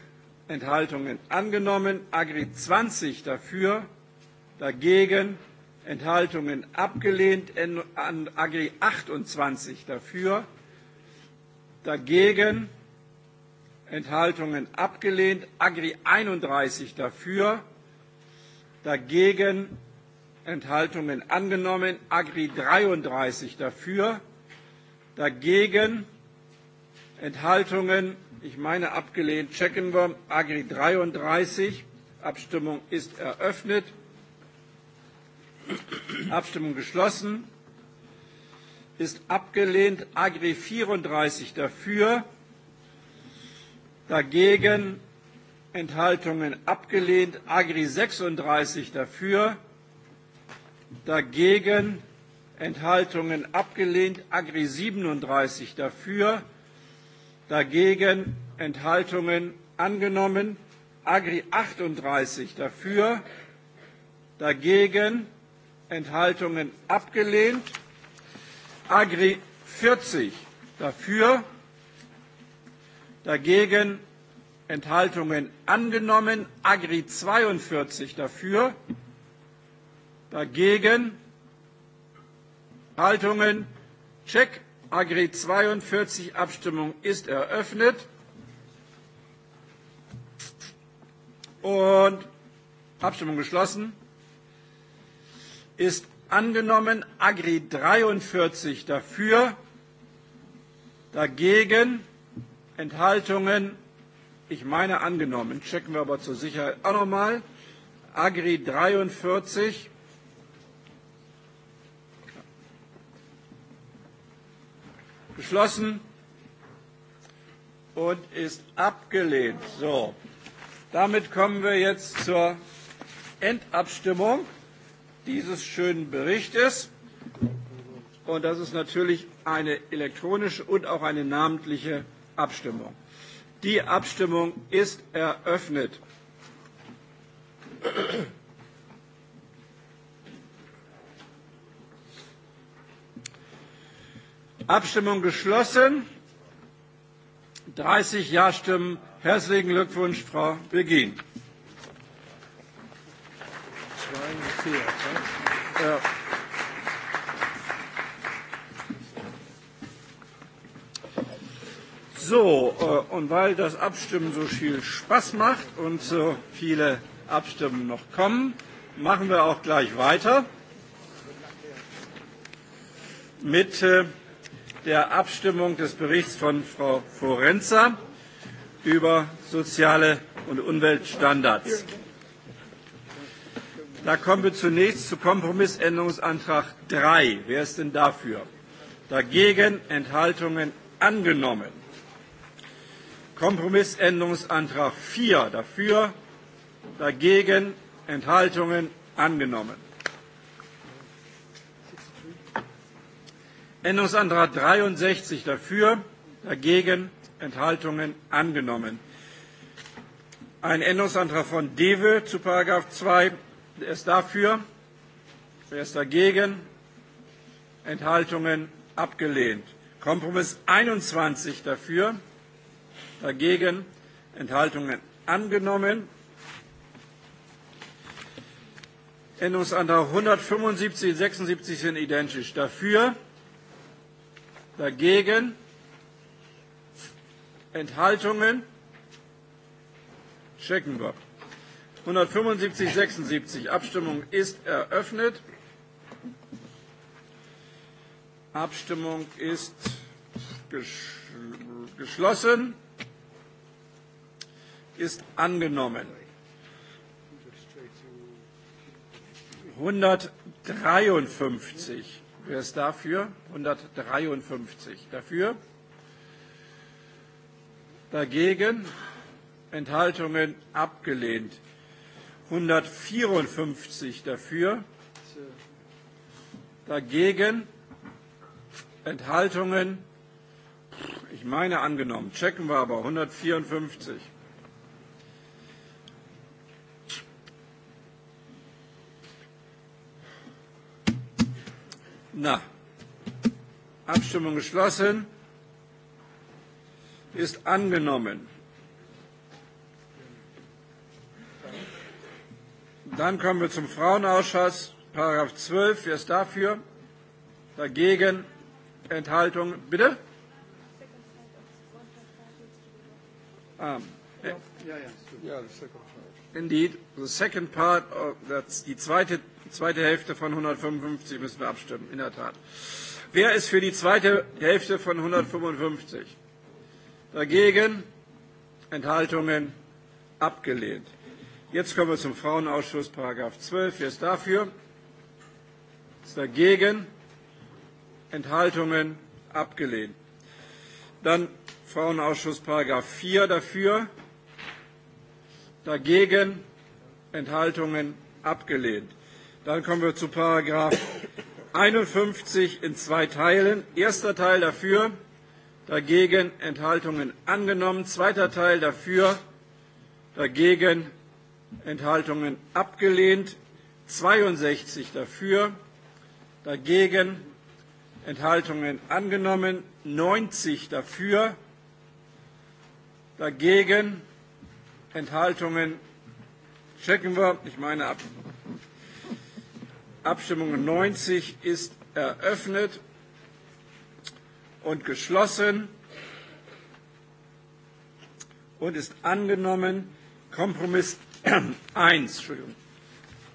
Enthaltungen angenommen. Agri 20 dafür, dagegen, Enthaltungen abgelehnt. Agri 28 dafür, dagegen, Enthaltungen abgelehnt. Agri 31 dafür, dagegen, Enthaltungen angenommen. Agri 33 dafür, dagegen, Enthaltungen, ich meine abgelehnt, checken wir. Agri 33, Abstimmung ist eröffnet. Abstimmung geschlossen ist abgelehnt. Agri 34 dafür, dagegen Enthaltungen abgelehnt. Agri 36 dafür, dagegen Enthaltungen abgelehnt. Agri 37 dafür, dagegen Enthaltungen angenommen. Agri 38 dafür, dagegen Enthaltungen abgelehnt. Agri 40 dafür, dagegen Enthaltungen angenommen. Agri 42 dafür, dagegen Enthaltungen. Check. Agri 42 Abstimmung ist eröffnet. Und Abstimmung geschlossen. Ist angenommen. Agri 43 dafür, dagegen, Enthaltungen, ich meine angenommen. Checken wir aber zur Sicherheit auch nochmal. Agri 43. Beschlossen und ist abgelehnt. So, damit kommen wir jetzt zur Endabstimmung dieses schönen Berichtes. Und das ist natürlich eine elektronische und auch eine namentliche Abstimmung. Die Abstimmung ist eröffnet. Abstimmung geschlossen. 30 Ja-Stimmen. Herzlichen Glückwunsch, Frau Begin. So, äh, und weil das Abstimmen so viel Spaß macht und so viele Abstimmen noch kommen, machen wir auch gleich weiter mit äh, der Abstimmung des Berichts von Frau Forenza über soziale und Umweltstandards. Da kommen wir zunächst zu Kompromissänderungsantrag 3. Wer ist denn dafür? Dagegen Enthaltungen angenommen. Kompromissänderungsantrag 4 dafür, dagegen Enthaltungen angenommen. Änderungsantrag 63 dafür, dagegen Enthaltungen angenommen. Ein Änderungsantrag von DEWE zu Paragraph 2 Wer ist dafür? Wer ist dagegen? Enthaltungen abgelehnt. Kompromiss 21 dafür, dagegen Enthaltungen angenommen. Änderungsantrag 175 und 76 sind identisch. Dafür, dagegen, Enthaltungen, checken wir. 175, 76. Abstimmung ist eröffnet. Abstimmung ist geschlossen. Ist angenommen. 153. Wer ist dafür? 153. Dafür? Dagegen? Enthaltungen abgelehnt. 154 dafür, dagegen, Enthaltungen, ich meine angenommen, checken wir aber 154. Na, Abstimmung geschlossen, ist angenommen. Dann kommen wir zum Frauenausschuss, Paragraph 12. Wer ist dafür? Dagegen? Enthaltungen? Bitte? Um, eh, indeed, the second part, of, that's die zweite, zweite Hälfte von 155 müssen wir abstimmen, in der Tat. Wer ist für die zweite Hälfte von 155? Dagegen? Enthaltungen? Abgelehnt. Jetzt kommen wir zum Frauenausschuss, Paragraph 12. Wer ist dafür? Ist dagegen? Enthaltungen? Abgelehnt. Dann Frauenausschuss, Paragraph 4 dafür? Dagegen? Enthaltungen? Abgelehnt. Dann kommen wir zu Paragraph 51 in zwei Teilen. Erster Teil dafür, dagegen Enthaltungen angenommen. Zweiter Teil dafür, dagegen Enthaltungen abgelehnt. 62 dafür, dagegen Enthaltungen angenommen. 90 dafür, dagegen Enthaltungen checken wir. Ich meine, Ab Abstimmung 90 ist eröffnet und geschlossen und ist angenommen. Kompromiss 1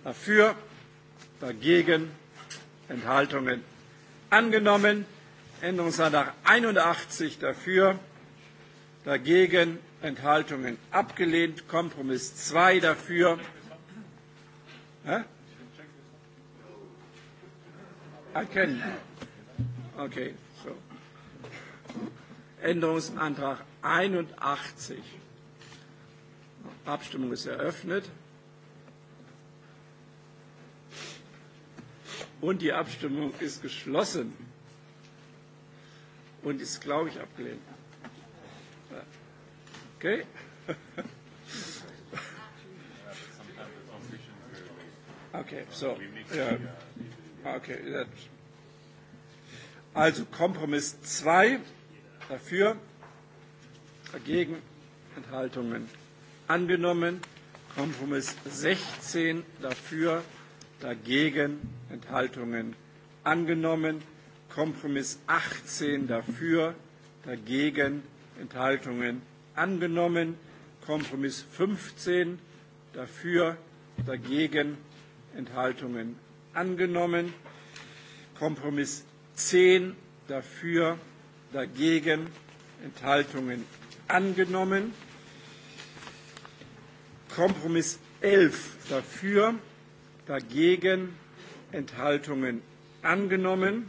dafür, dagegen, Enthaltungen angenommen. Änderungsantrag 81 dafür, dagegen, Enthaltungen abgelehnt. Kompromiss 2 dafür. Hä? Erkennen. Okay, so. Änderungsantrag 81. Abstimmung ist eröffnet. Und die Abstimmung ist geschlossen. Und ist, glaube ich, abgelehnt. Okay? Okay, so. Ja. Okay, that. Also Kompromiss 2 dafür, dagegen, Enthaltungen angenommen. Kompromiss 16 dafür, dagegen Enthaltungen angenommen. Kompromiss 18 dafür, dagegen Enthaltungen angenommen. Kompromiss 15 dafür, dagegen Enthaltungen angenommen. Kompromiss 10 dafür, dagegen Enthaltungen angenommen. Kompromiss 11 dafür, dagegen Enthaltungen angenommen.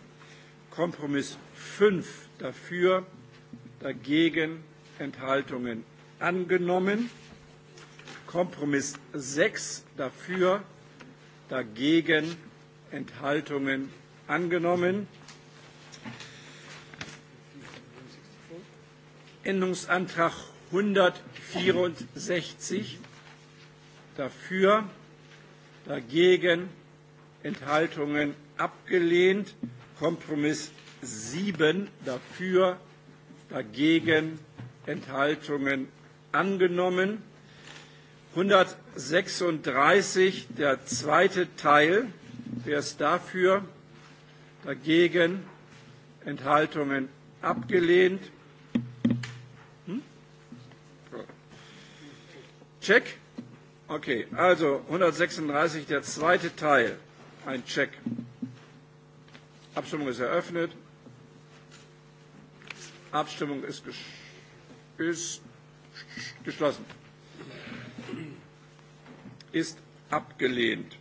Kompromiss 5 dafür, dagegen Enthaltungen angenommen. Kompromiss 6 dafür, dagegen Enthaltungen angenommen. Änderungsantrag 164 dafür, dagegen, Enthaltungen abgelehnt. Kompromiss 7 dafür, dagegen, Enthaltungen angenommen. 136, der zweite Teil. Wer ist dafür? Dagegen? Enthaltungen abgelehnt. Hm? Check. Okay, also 136, der zweite Teil, ein Check. Abstimmung ist eröffnet. Abstimmung ist, ges ist geschlossen. Ist abgelehnt.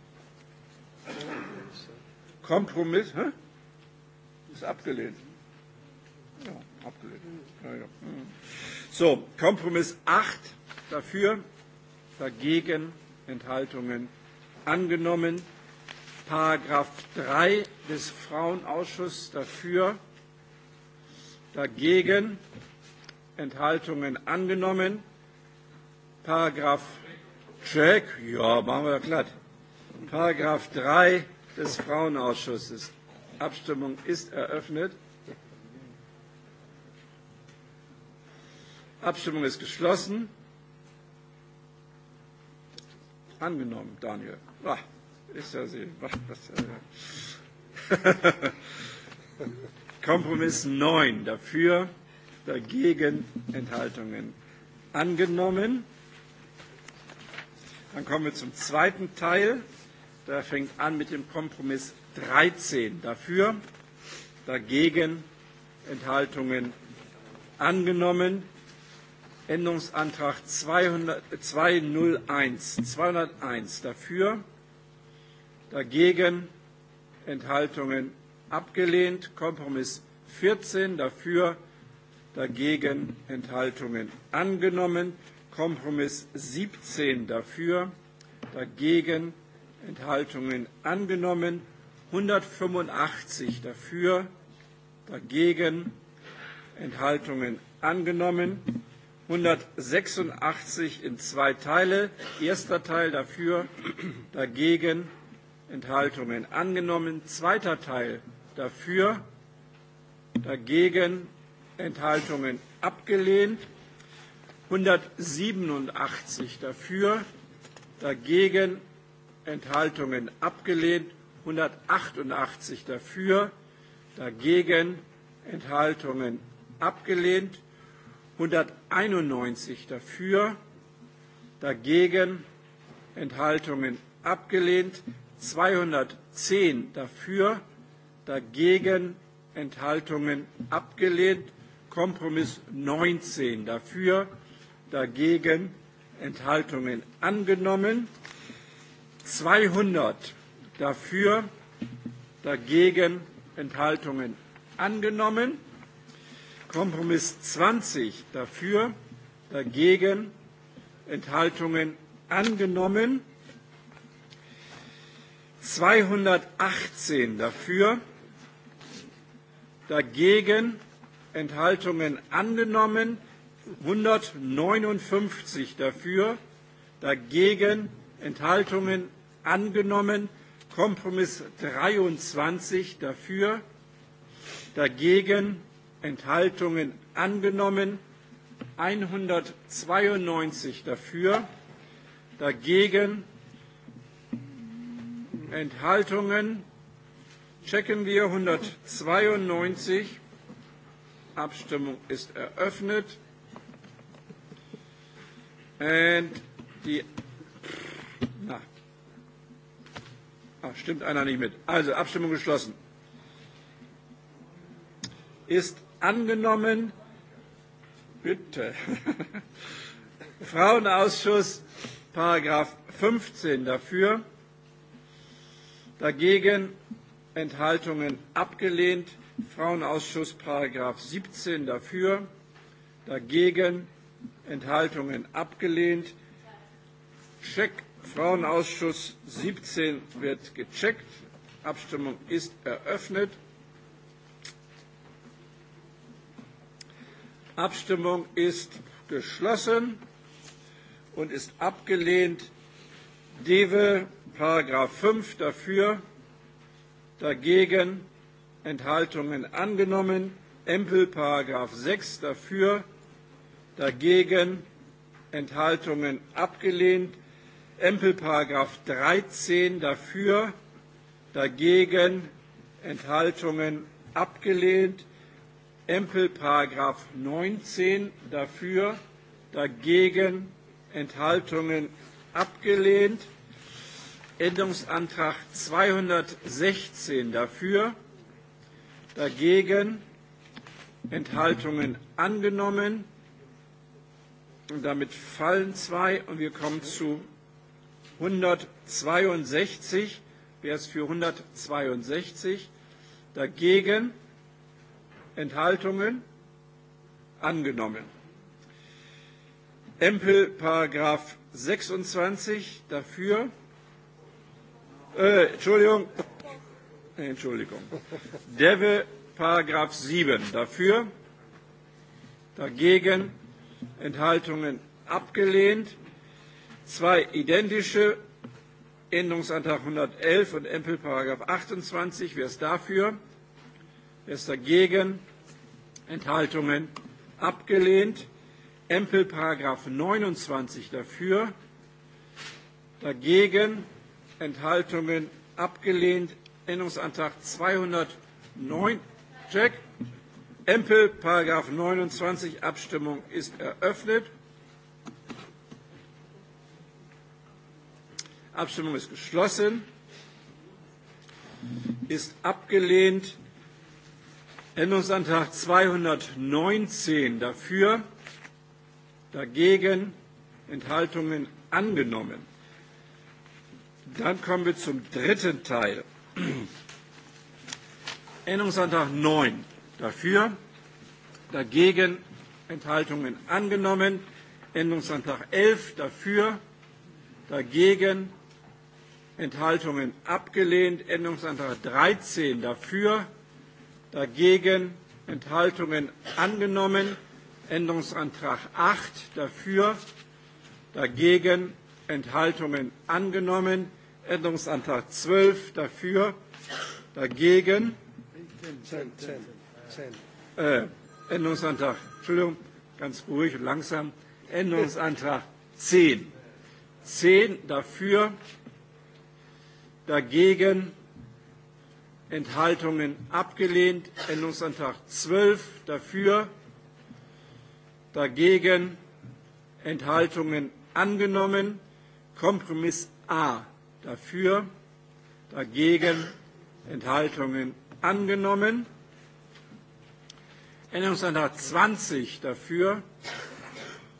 Kompromiss, hä? Ist abgelehnt. Ja, abgelehnt. Ja, ja. So, Kompromiss 8 dafür dagegen, Enthaltungen angenommen. Paragraph 3 des Frauenausschusses dafür, dagegen, Enthaltungen angenommen. Paragraph Check, ja, machen wir glatt. Paragraph 3 des Frauenausschusses. Abstimmung ist eröffnet. Abstimmung ist geschlossen. Angenommen, Daniel. Ach, ich ja sehe. Ach, was, äh, Kompromiss 9 dafür, dagegen Enthaltungen angenommen. Dann kommen wir zum zweiten Teil. Der fängt an mit dem Kompromiss 13 dafür, dagegen Enthaltungen angenommen. Änderungsantrag 200, 201, 201 dafür, dagegen Enthaltungen abgelehnt. Kompromiss 14 dafür, dagegen Enthaltungen angenommen. Kompromiss 17 dafür, dagegen Enthaltungen angenommen. 185 dafür, dagegen Enthaltungen angenommen. 186 in zwei Teile. Erster Teil dafür, dagegen, Enthaltungen angenommen. Zweiter Teil dafür, dagegen, Enthaltungen abgelehnt. 187 dafür, dagegen, Enthaltungen abgelehnt. 188 dafür, dagegen, Enthaltungen abgelehnt. 191 dafür, dagegen Enthaltungen abgelehnt, 210 dafür, dagegen Enthaltungen abgelehnt, Kompromiss 19 dafür, dagegen Enthaltungen angenommen, 200 dafür, dagegen Enthaltungen angenommen, Kompromiss 20 dafür, dagegen, Enthaltungen angenommen. 218 dafür, dagegen, Enthaltungen angenommen. 159 dafür, dagegen, Enthaltungen angenommen. Kompromiss 23 dafür, dagegen, Enthaltungen angenommen. 192 dafür, dagegen Enthaltungen. Checken wir 192. Abstimmung ist eröffnet. Und die na, ah, stimmt einer nicht mit. Also Abstimmung geschlossen. Ist angenommen. Bitte. Frauenausschuss, Paragraph 15 dafür. Dagegen Enthaltungen abgelehnt. Frauenausschuss, Paragraph 17 dafür. Dagegen Enthaltungen abgelehnt. Check Frauenausschuss 17 wird gecheckt. Abstimmung ist eröffnet. Abstimmung ist geschlossen und ist abgelehnt. Dewe, Paragraph 5 dafür, dagegen, Enthaltungen angenommen. Empel, Paragraph 6 dafür, dagegen, Enthaltungen abgelehnt. Empel, Paragraph 13 dafür, dagegen, Enthaltungen abgelehnt. Empel Paragraph 19 dafür, dagegen Enthaltungen abgelehnt. Änderungsantrag 216 dafür, dagegen Enthaltungen angenommen. Und damit fallen zwei und wir kommen zu 162. Wer ist für 162? Dagegen Enthaltungen? Angenommen. Empel Paragraph 26 dafür. Äh, Entschuldigung. Entschuldigung. Deve Paragraph 7 dafür. Dagegen Enthaltungen abgelehnt. Zwei identische Änderungsantrag 111 und Empel Paragraph 28. Wer ist dafür? Wer ist dagegen? Enthaltungen abgelehnt. Empel Paragraph 29 dafür. Dagegen Enthaltungen abgelehnt. Änderungsantrag 209. Check. Empel Paragraph 29 Abstimmung ist eröffnet. Abstimmung ist geschlossen. Ist abgelehnt Änderungsantrag 219 dafür, dagegen, Enthaltungen angenommen. Dann kommen wir zum dritten Teil. Änderungsantrag 9 dafür, dagegen, Enthaltungen angenommen. Änderungsantrag 11 dafür, dagegen, Enthaltungen abgelehnt. Änderungsantrag 13 dafür, dagegen Enthaltungen angenommen. Änderungsantrag 8 dafür, dagegen Enthaltungen angenommen. Änderungsantrag 12 dafür, dagegen. 10, 10, 10. Äh, Änderungsantrag, Entschuldigung, ganz ruhig und langsam. Änderungsantrag 10. 10 dafür, dagegen Enthaltungen abgelehnt. Änderungsantrag 12 dafür, dagegen Enthaltungen angenommen. Kompromiss A dafür, dagegen Enthaltungen angenommen. Änderungsantrag 20 dafür,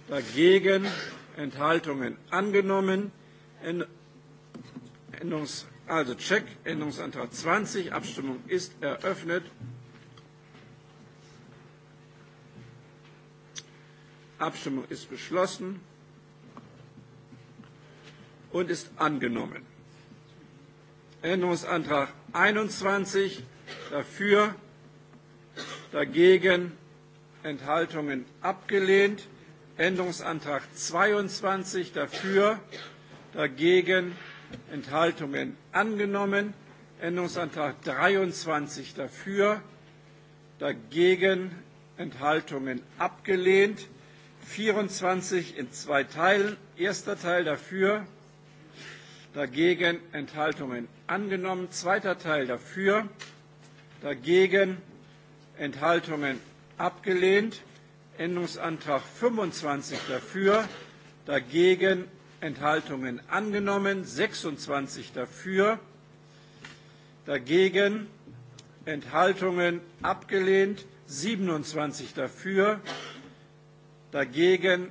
dagegen Enthaltungen angenommen. Änderungsantrag Also Check, Änderungsantrag 20, Abstimmung ist eröffnet. Abstimmung ist geschlossen und ist angenommen. Änderungsantrag 21 dafür, dagegen Enthaltungen abgelehnt. Änderungsantrag 22 dafür, dagegen Enthaltungen Enthaltungen angenommen. Änderungsantrag 23 dafür, dagegen Enthaltungen abgelehnt. 24 in zwei Teilen. Erster Teil dafür, dagegen Enthaltungen angenommen. Zweiter Teil dafür, dagegen Enthaltungen abgelehnt. Änderungsantrag 25 dafür, dagegen Enthaltungen angenommen, 26 dafür, dagegen Enthaltungen abgelehnt, 27 dafür, dagegen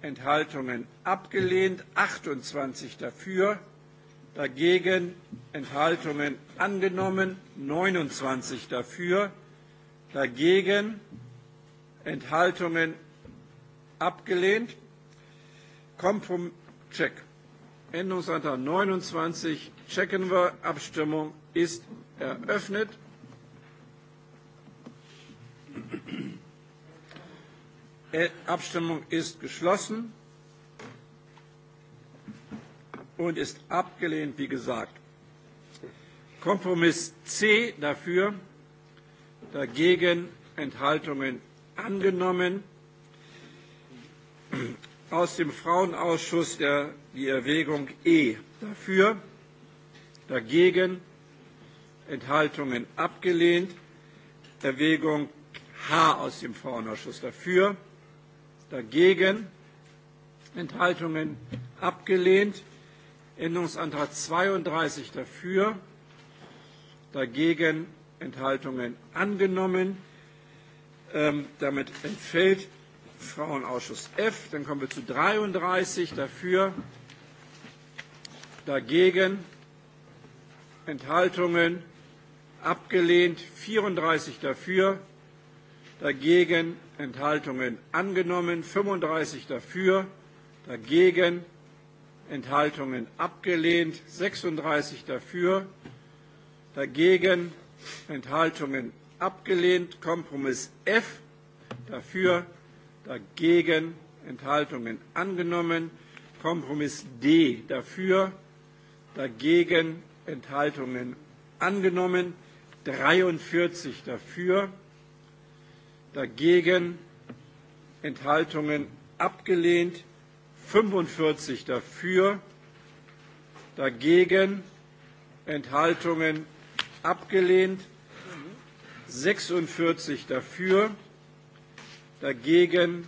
Enthaltungen abgelehnt, 28 dafür, dagegen Enthaltungen angenommen, 29 dafür, dagegen Enthaltungen abgelehnt. Komprom Check. Änderungsantrag 29 checken wir. Abstimmung ist eröffnet. Äh, Abstimmung ist geschlossen und ist abgelehnt, wie gesagt. Kompromiss C dafür, dagegen Enthaltungen angenommen aus dem Frauenausschuss der, die Erwägung E. Dafür, dagegen, Enthaltungen abgelehnt. Erwägung H aus dem Frauenausschuss dafür, dagegen, Enthaltungen abgelehnt. Änderungsantrag 32 dafür, dagegen Enthaltungen angenommen. Ähm, damit entfällt Frauenausschuss F. Dann kommen wir zu 33 dafür, dagegen, Enthaltungen abgelehnt, 34 dafür, dagegen, Enthaltungen angenommen, 35 dafür, dagegen, Enthaltungen abgelehnt, 36 dafür, dagegen, Enthaltungen abgelehnt, Kompromiss F dafür, dagegen, Enthaltungen angenommen. Kompromiss D dafür, dagegen, Enthaltungen angenommen. 43 dafür, dagegen, Enthaltungen abgelehnt. 45 dafür, dagegen, Enthaltungen abgelehnt. 46 dafür, dagegen,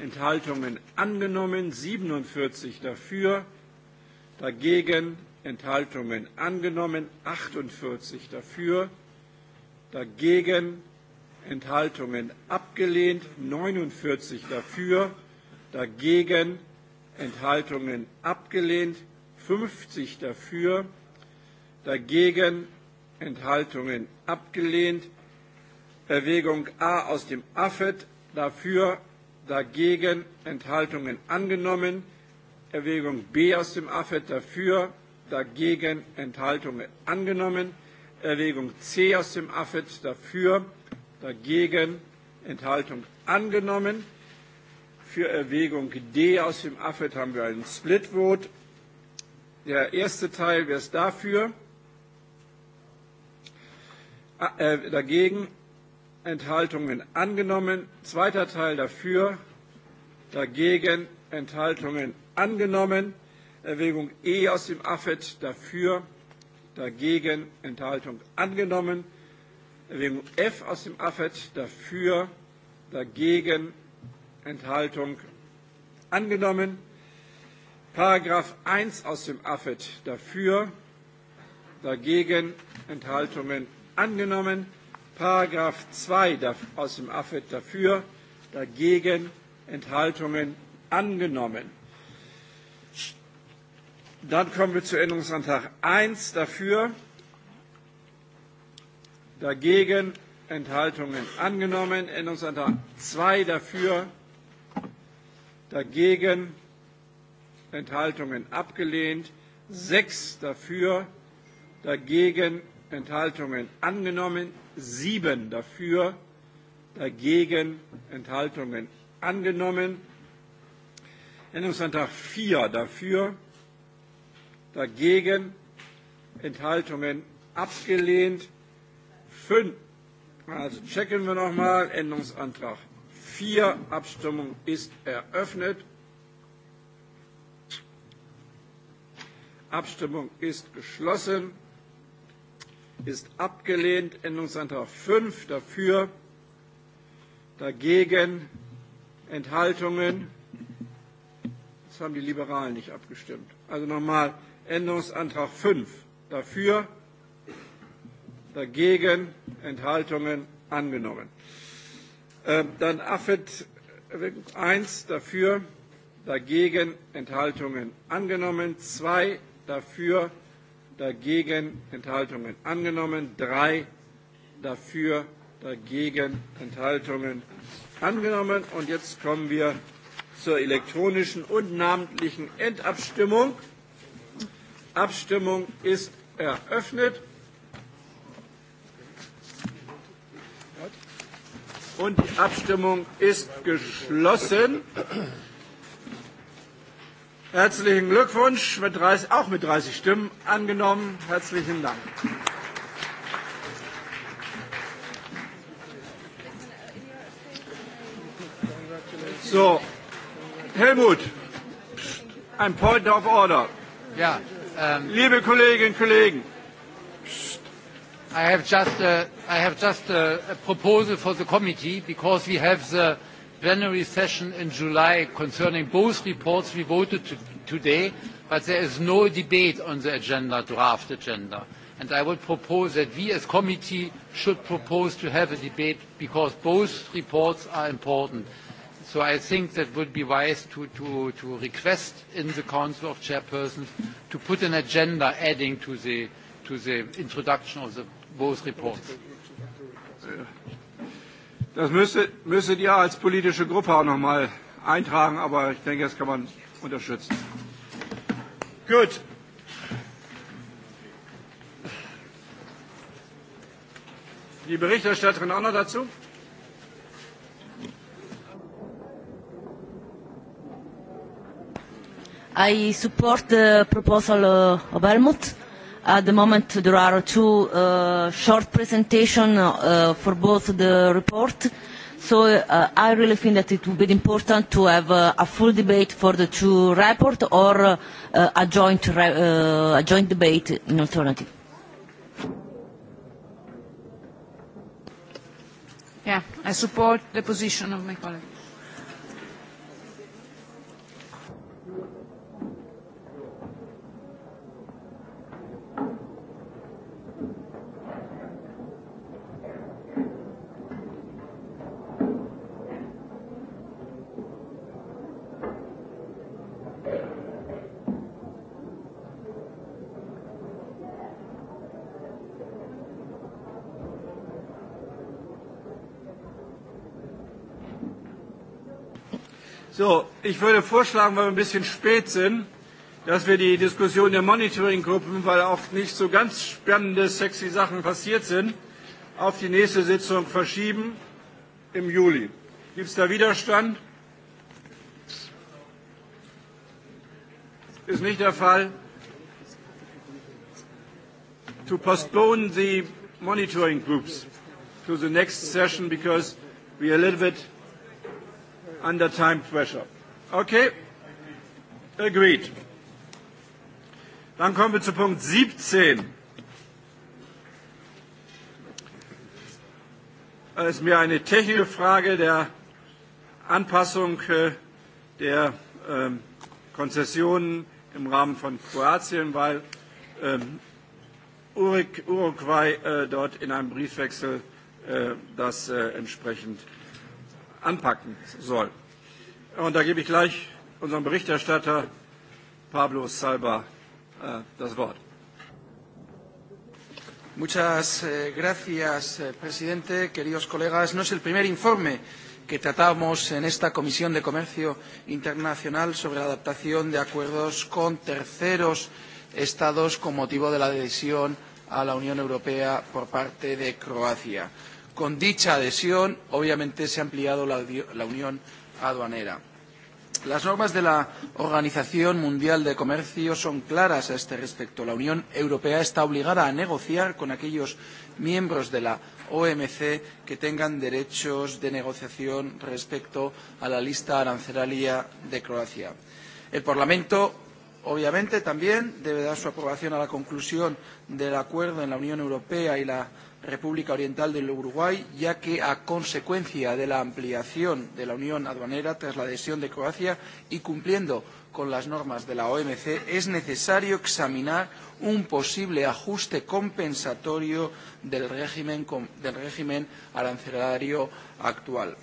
Enthaltungen angenommen, 47 dafür, dagegen, Enthaltungen angenommen, 48 dafür, dagegen, Enthaltungen abgelehnt, 49 dafür, dagegen, Enthaltungen abgelehnt, 50 dafür, dagegen, Enthaltungen abgelehnt. Erwägung A aus dem AFET dafür, dagegen, Enthaltungen angenommen. Erwägung B aus dem AFET dafür, dagegen, Enthaltungen angenommen. Erwägung C aus dem AFET dafür, dagegen, Enthaltung angenommen. Für Erwägung D aus dem AFET haben wir einen Split Vote. Der erste Teil, wer ist dafür? Äh, dagegen, Enthaltungen angenommen. Zweiter Teil dafür, dagegen, Enthaltungen angenommen. Erwägung E aus dem AFET dafür, dagegen, Enthaltung angenommen. Erwägung F aus dem AFET dafür, dagegen, Enthaltung angenommen. Paragraph 1 aus dem AFET dafür, dagegen, Enthaltungen angenommen. Paragraph 2 aus dem AFET dafür, dagegen Enthaltungen angenommen. Dann kommen wir zu Änderungsantrag 1 dafür, dagegen Enthaltungen angenommen. Änderungsantrag 2 dafür, dagegen Enthaltungen abgelehnt. 6 dafür, dagegen Enthaltungen angenommen. 7 dafür, dagegen Enthaltungen angenommen. Änderungsantrag 4 dafür, dagegen Enthaltungen abgelehnt. 5. Also checken wir nochmal. Änderungsantrag 4. Abstimmung ist eröffnet. Abstimmung ist geschlossen ist abgelehnt. Änderungsantrag 5 dafür, dagegen, Enthaltungen. Das haben die Liberalen nicht abgestimmt. Also nochmal Änderungsantrag 5 dafür, dagegen, Enthaltungen angenommen. Ähm, dann AFET 1 dafür, dagegen, Enthaltungen angenommen, 2 dafür, dagegen, Enthaltungen angenommen. 3 dafür, dagegen, Enthaltungen angenommen. Und jetzt kommen wir zur elektronischen und namentlichen Endabstimmung. Abstimmung ist eröffnet. Und die Abstimmung ist geschlossen. Herzlichen Glückwunsch, mit 30, auch mit 30 Stimmen angenommen. Herzlichen Dank. So, Helmut, ein Point of Order. Ja, ähm, Liebe Kolleginnen und Kollegen, I have just, a, I have just a, a proposal for the committee because we have the plenary session in July concerning both reports we voted to today, but there is no debate on the agenda, draft agenda. And I would propose that we as committee should propose to have a debate because both reports are important. So I think that would be wise to, to, to request in the Council of Chairpersons to put an agenda adding to the, to the introduction of the both reports. Uh, Das müsstet, müsstet ihr als politische Gruppe auch nochmal eintragen, aber ich denke, das kann man unterstützen. Gut. Die Berichterstatterin auch noch dazu? I support the proposal uh, of Helmut At the moment, there are two uh, short presentations uh, for both the report. So uh, I really think that it would be important to have uh, a full debate for the two report or uh, a, joint re uh, a joint debate in alternative. Yeah, I support the position of my colleague. So, ich würde vorschlagen, weil wir ein bisschen spät sind, dass wir die Diskussion der Monitoringgruppen, weil oft nicht so ganz spannende, sexy Sachen passiert sind, auf die nächste Sitzung verschieben im Juli. Gibt es da Widerstand? Ist nicht der Fall. To postpone the monitoring groups to the next session because we are a little bit under time pressure. Okay? Agreed. Dann kommen wir zu Punkt 17. Es ist mir eine technische Frage der Anpassung äh, der ähm, Konzessionen im Rahmen von Kroatien, weil ähm, Uruguay äh, dort in einem Briefwechsel äh, das entsprechend anpacken soll. Und da gebe ich gleich unserem Berichterstatter Pablo Salva äh, das Wort. Muchas eh, gracias, eh, presidente. Queridos colegas, no es el primer informe que tratamos en esta Comisión de Comercio Internacional sobre la adaptación de acuerdos con terceros estados con motivo de la adhesión a la Unión Europea por parte de Croacia. Eh, Con dicha adhesión, obviamente, se ha ampliado la, la unión aduanera. Las normas de la Organización Mundial de Comercio son claras a este respecto. La Unión Europea está obligada a negociar con aquellos miembros de la OMC que tengan derechos de negociación respecto a la lista arancelaria de Croacia. El Parlamento, obviamente, también debe dar su aprobación a la conclusión del acuerdo en la Unión Europea y la República Oriental del Uruguay, ya que a consecuencia de la ampliación de la Unión Aduanera tras la adhesión de Croacia y cumpliendo con las normas de la OMC, es necesario examinar un posible ajuste compensatorio del régimen, del régimen arancelario actual.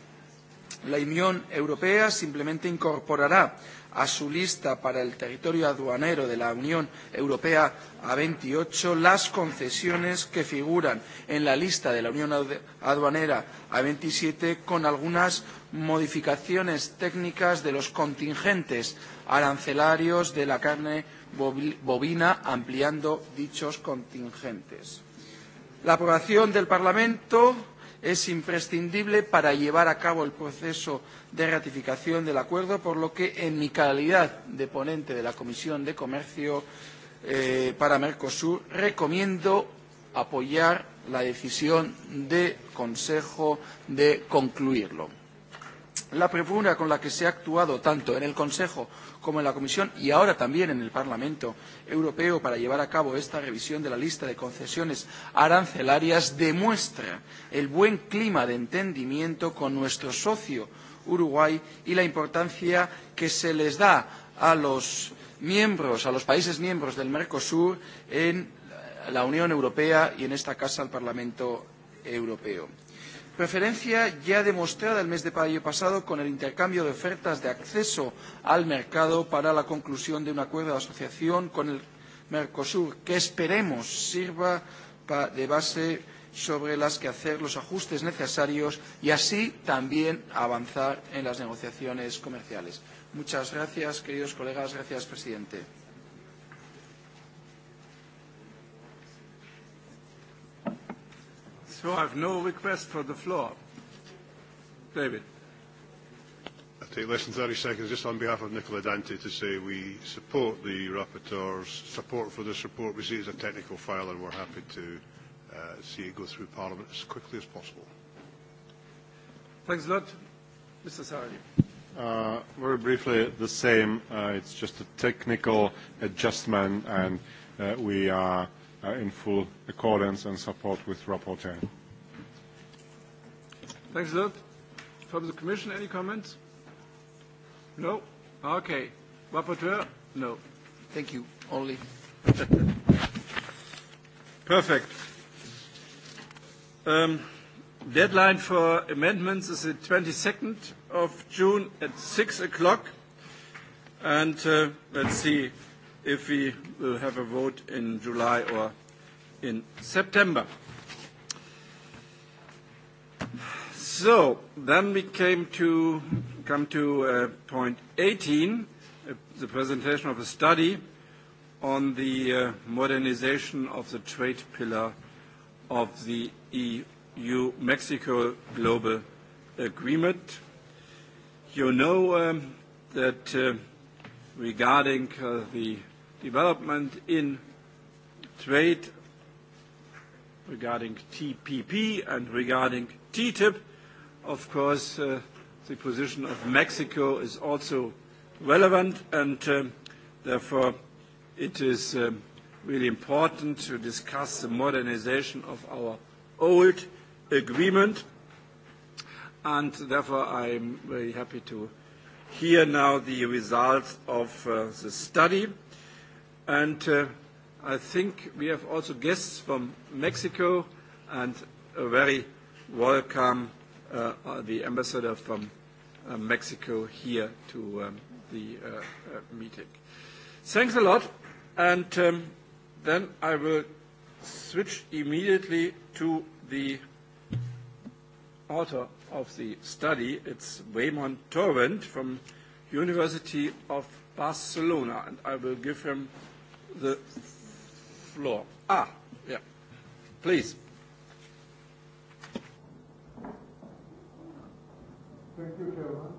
La Unión Europea simplemente incorporará a su lista para el territorio aduanero de la Unión Europea a 28 las concesiones que figuran en la lista de la Unión Aduanera a 27 con algunas modificaciones técnicas de los contingentes arancelarios de la carne bovina, ampliando dichos contingentes. La aprobación del Parlamento es imprescindible para llevar a cabo el proceso de ratificación del acuerdo, por lo que, en mi calidad de ponente de la Comisión de Comercio eh, para Mercosur, recomiendo apoyar la decisión del Consejo de concluirlo la premura con la que se ha actuado tanto en el Consejo como en la Comisión y ahora también en el Parlamento Europeo para llevar a cabo esta revisión de la lista de concesiones arancelarias demuestra el buen clima de entendimiento con nuestro socio Uruguay y la importancia que se les da a los miembros, a los países miembros del Mercosur en la Unión Europea y en esta casa al Parlamento Europeo preferencia ya demostrada el mes de mayo pasado con el intercambio de ofertas de acceso al mercado para la conclusión de un acuerdo de asociación con el Mercosur, que esperemos sirva de base sobre las que hacer los ajustes necesarios y así también avanzar en las negociaciones comerciales. Muchas gracias, queridos colegas. Gracias, presidente. So I have no request for the floor. David. I take less than 30 seconds just on behalf of Nicola Dante to say we support the rapporteur's support for this report. We see it as a technical file and we're happy to uh, see it go through Parliament as quickly as possible. Thanks a lot. Mr. Sarli. Uh, very briefly, the same. Uh, it's just a technical adjustment and uh, we are uh, in full accordance and support with rapporteur. Thanks a lot. From the Commission, any comments? No? Okay. Rapporteur? No. Thank you. Only. Perfect. Um, deadline for amendments is the 22nd of June at 6 o'clock. And uh, let's see if we will have a vote in July or in September. So then we came to come to uh, point 18, uh, the presentation of a study on the uh, modernization of the trade pillar of the EU-Mexico Global Agreement. You know um, that uh, regarding uh, the development in trade regarding TPP and regarding TTIP. Of course, uh, the position of Mexico is also relevant, and um, therefore it is um, really important to discuss the modernization of our old agreement. And therefore, I'm very happy to hear now the results of uh, the study. And uh, I think we have also guests from Mexico and a very welcome uh, the ambassador from uh, Mexico here to um, the uh, uh, meeting. Thanks a lot. And um, then I will switch immediately to the author of the study. It's Raymond Torrent from University of Barcelona, and I will give him the floor. Ah, yeah. Please. Thank you, Chairman.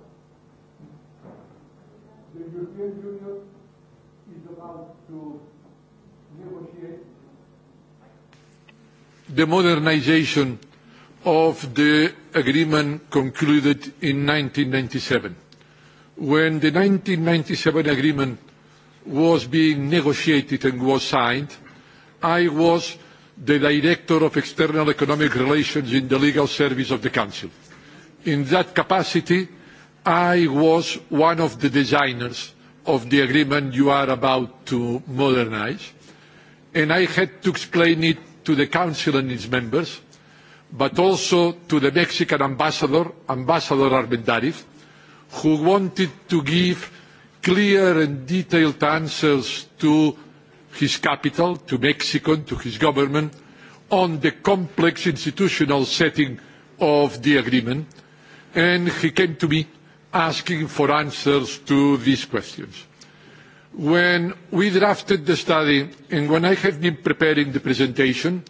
The European Union is about to negotiate the modernization of the agreement concluded in 1997. When the 1997 agreement was being negotiated and was signed, I was the Director of External Economic Relations in the Legal Service of the Council. In that capacity, I was one of the designers of the agreement you are about to modernize, and I had to explain it to the Council and its members, but also to the Mexican ambassador, Ambassador Armendariz, who wanted to give clear and detailed answers to his capital, to Mexico, to his government, on the complex institutional setting of the agreement, and he came to me asking for answers to these questions. When we drafted the study and when I have been preparing the presentation,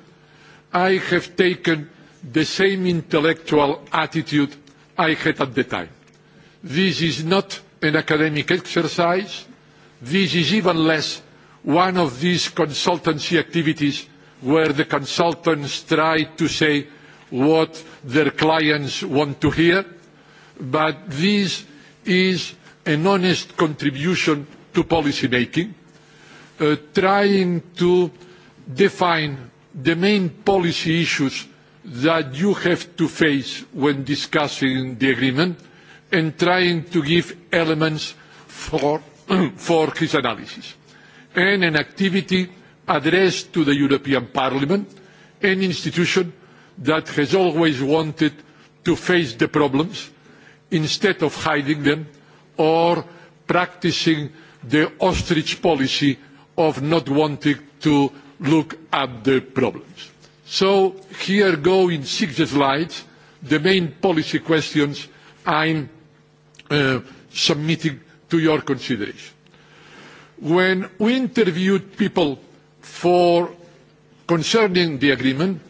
I have taken the same intellectual attitude I had at the time. This is not an academic exercise, this is even less one of these consultancy activities where the consultants try to say what their clients want to hear, but this is an honest contribution to policy making, uh, trying to define the main policy issues that you have to face when discussing the agreement, and trying to give elements for, for his analysis, and an activity addressed to the European Parliament, an institution that has always wanted to face the problems instead of hiding them or practicing the ostrich policy of not wanting to look at the problems. So here go in six slides the main policy questions I'm uh, submitting to your consideration. When we interviewed people for concerning the agreement,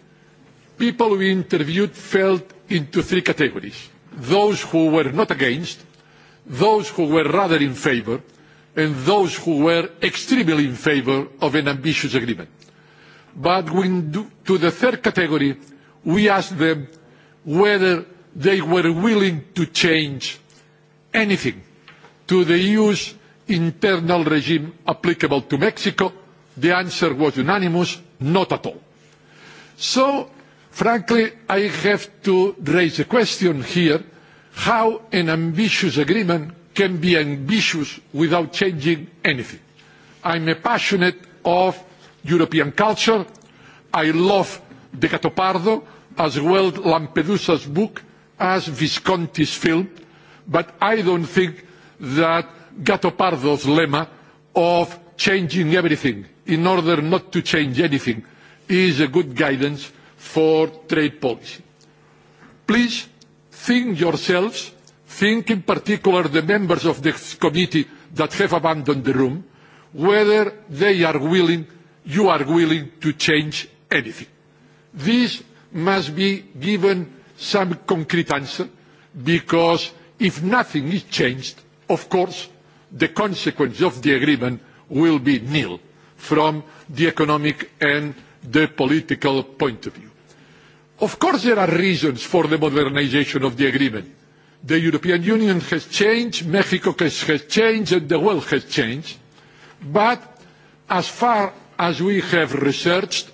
people we interviewed fell into three categories. Those who were not against, those who were rather in favour, and those who were extremely in favour of an ambitious agreement. But when do, to the third category, we asked them whether they were willing to change anything to the EU's internal regime applicable to Mexico, the answer was unanimous, not at all. So, frankly, I have to raise the question here, how an ambitious agreement can be ambitious without changing anything. I'm a passionate of European culture. I love De Catopardo, as well Lampedusa's book as Visconti's film but I don't think that Gattopardo's lemma of changing everything in order not to change anything is a good guidance for trade policy. Please think yourselves, think in particular the members of this committee that have abandoned the room, whether they are willing, you are willing to change anything. This must be given some concrete answer because If nothing is changed, of course, the consequence of the agreement will be nil from the economic and the political point of view. Of course, there are reasons for the modernization of the agreement. The European Union has changed, Mexico has, has changed, and the world has changed. But as far as we have researched,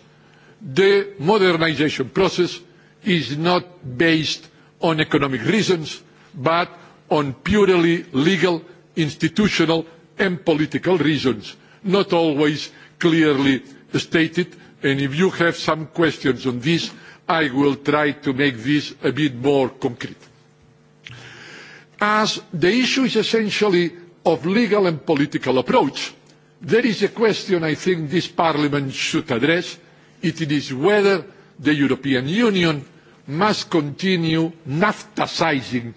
the modernization process is not based on economic reasons, but on purely legal, institutional and political reasons, not always clearly stated. And if you have some questions on this, I will try to make this a bit more concrete. As the issue is essentially of legal and political approach, there is a question I think this Parliament should address. It is whether the European Union must continue naftasizing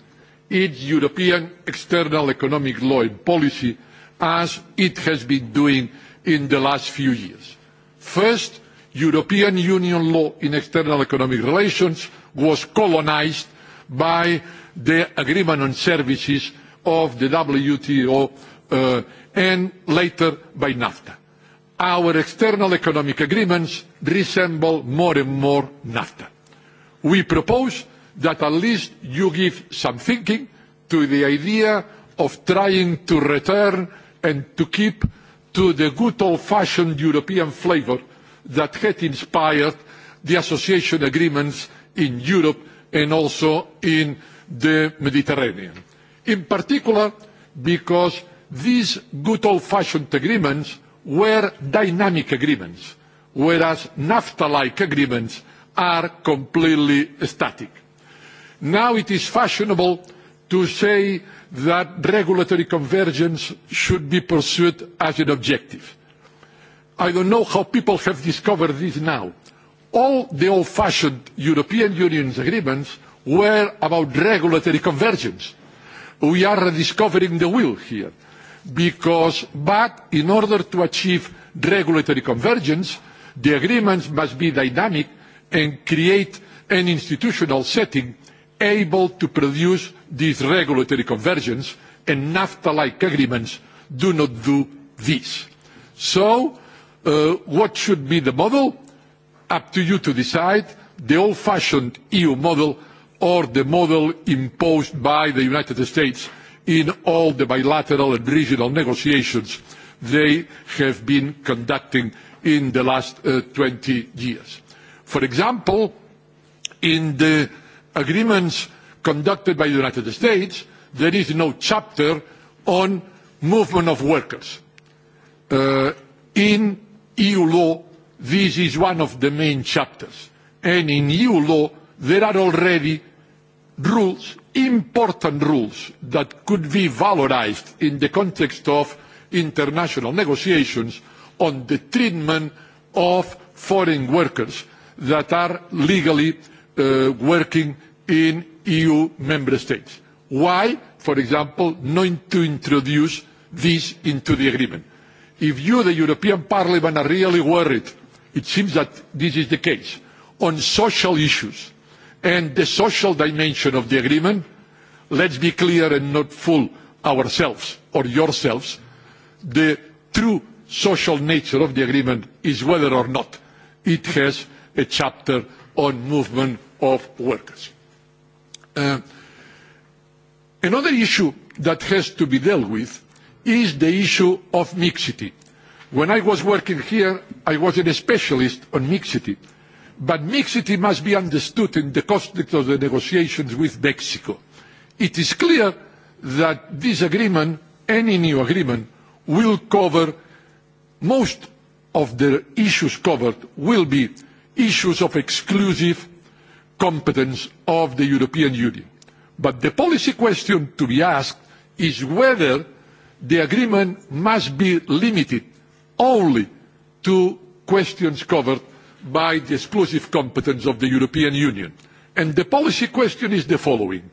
its European external economic law and policy as it has been doing in the last few years. First, European Union law in external economic relations was colonized by the Agreement on Services of the WTO uh, and later by NAFTA. Our external economic agreements resemble more and more NAFTA. We propose that at least you give some thinking to the idea of trying to return and to keep to the good old-fashioned European flavor that had inspired the association agreements in Europe and also in the Mediterranean. In particular, because these good old-fashioned agreements were dynamic agreements, whereas NAFTA-like agreements are completely static. Now it is fashionable to say that regulatory convergence should be pursued as an objective. I don't know how people have discovered this now. All the old-fashioned European Union agreements were about regulatory convergence. We are rediscovering the wheel here because but in order to achieve regulatory convergence, the agreements must be dynamic and create an institutional setting able to produce this regulatory convergence, and NAFTA-like agreements do not do this. So, uh, what should be the model? Up to you to decide, the old-fashioned EU model or the model imposed by the United States in all the bilateral and regional negotiations they have been conducting in the last uh, 20 years. For example, in the agreements conducted by the United States, there is no chapter on movement of workers. Uh, in EU law, this is one of the main chapters. And in EU law, there are already rules, important rules, that could be valorized in the context of international negotiations on the treatment of foreign workers that are legally uh, working in EU member states. Why, for example, not to introduce this into the agreement? If you, the European Parliament, are really worried, it seems that this is the case, on social issues and the social dimension of the agreement, let's be clear and not fool ourselves or yourselves. The true social nature of the agreement is whether or not it has a chapter on movement of workers. Uh, another issue that has to be dealt with is the issue of mixity. When I was working here, I wasn't a specialist on mixity, but mixity must be understood in the context of the negotiations with Mexico. It is clear that this agreement, any new agreement, will cover most of the issues covered will be issues of exclusive competence of the European Union. But the policy question to be asked is whether the agreement must be limited only to questions covered by the exclusive competence of the European Union. And the policy question is the following.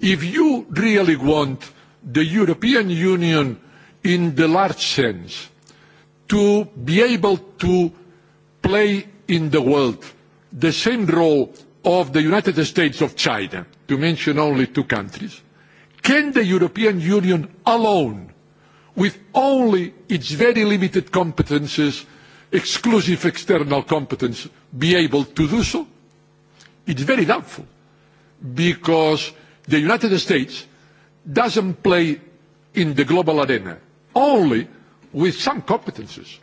If you really want the European Union in the large sense to be able to play in the world the same role of the United States of China, to mention only two countries, can the European Union alone, with only its very limited competences, exclusive external competence, be able to do so? It's very doubtful, because the United States doesn't play in the global arena, only with some competences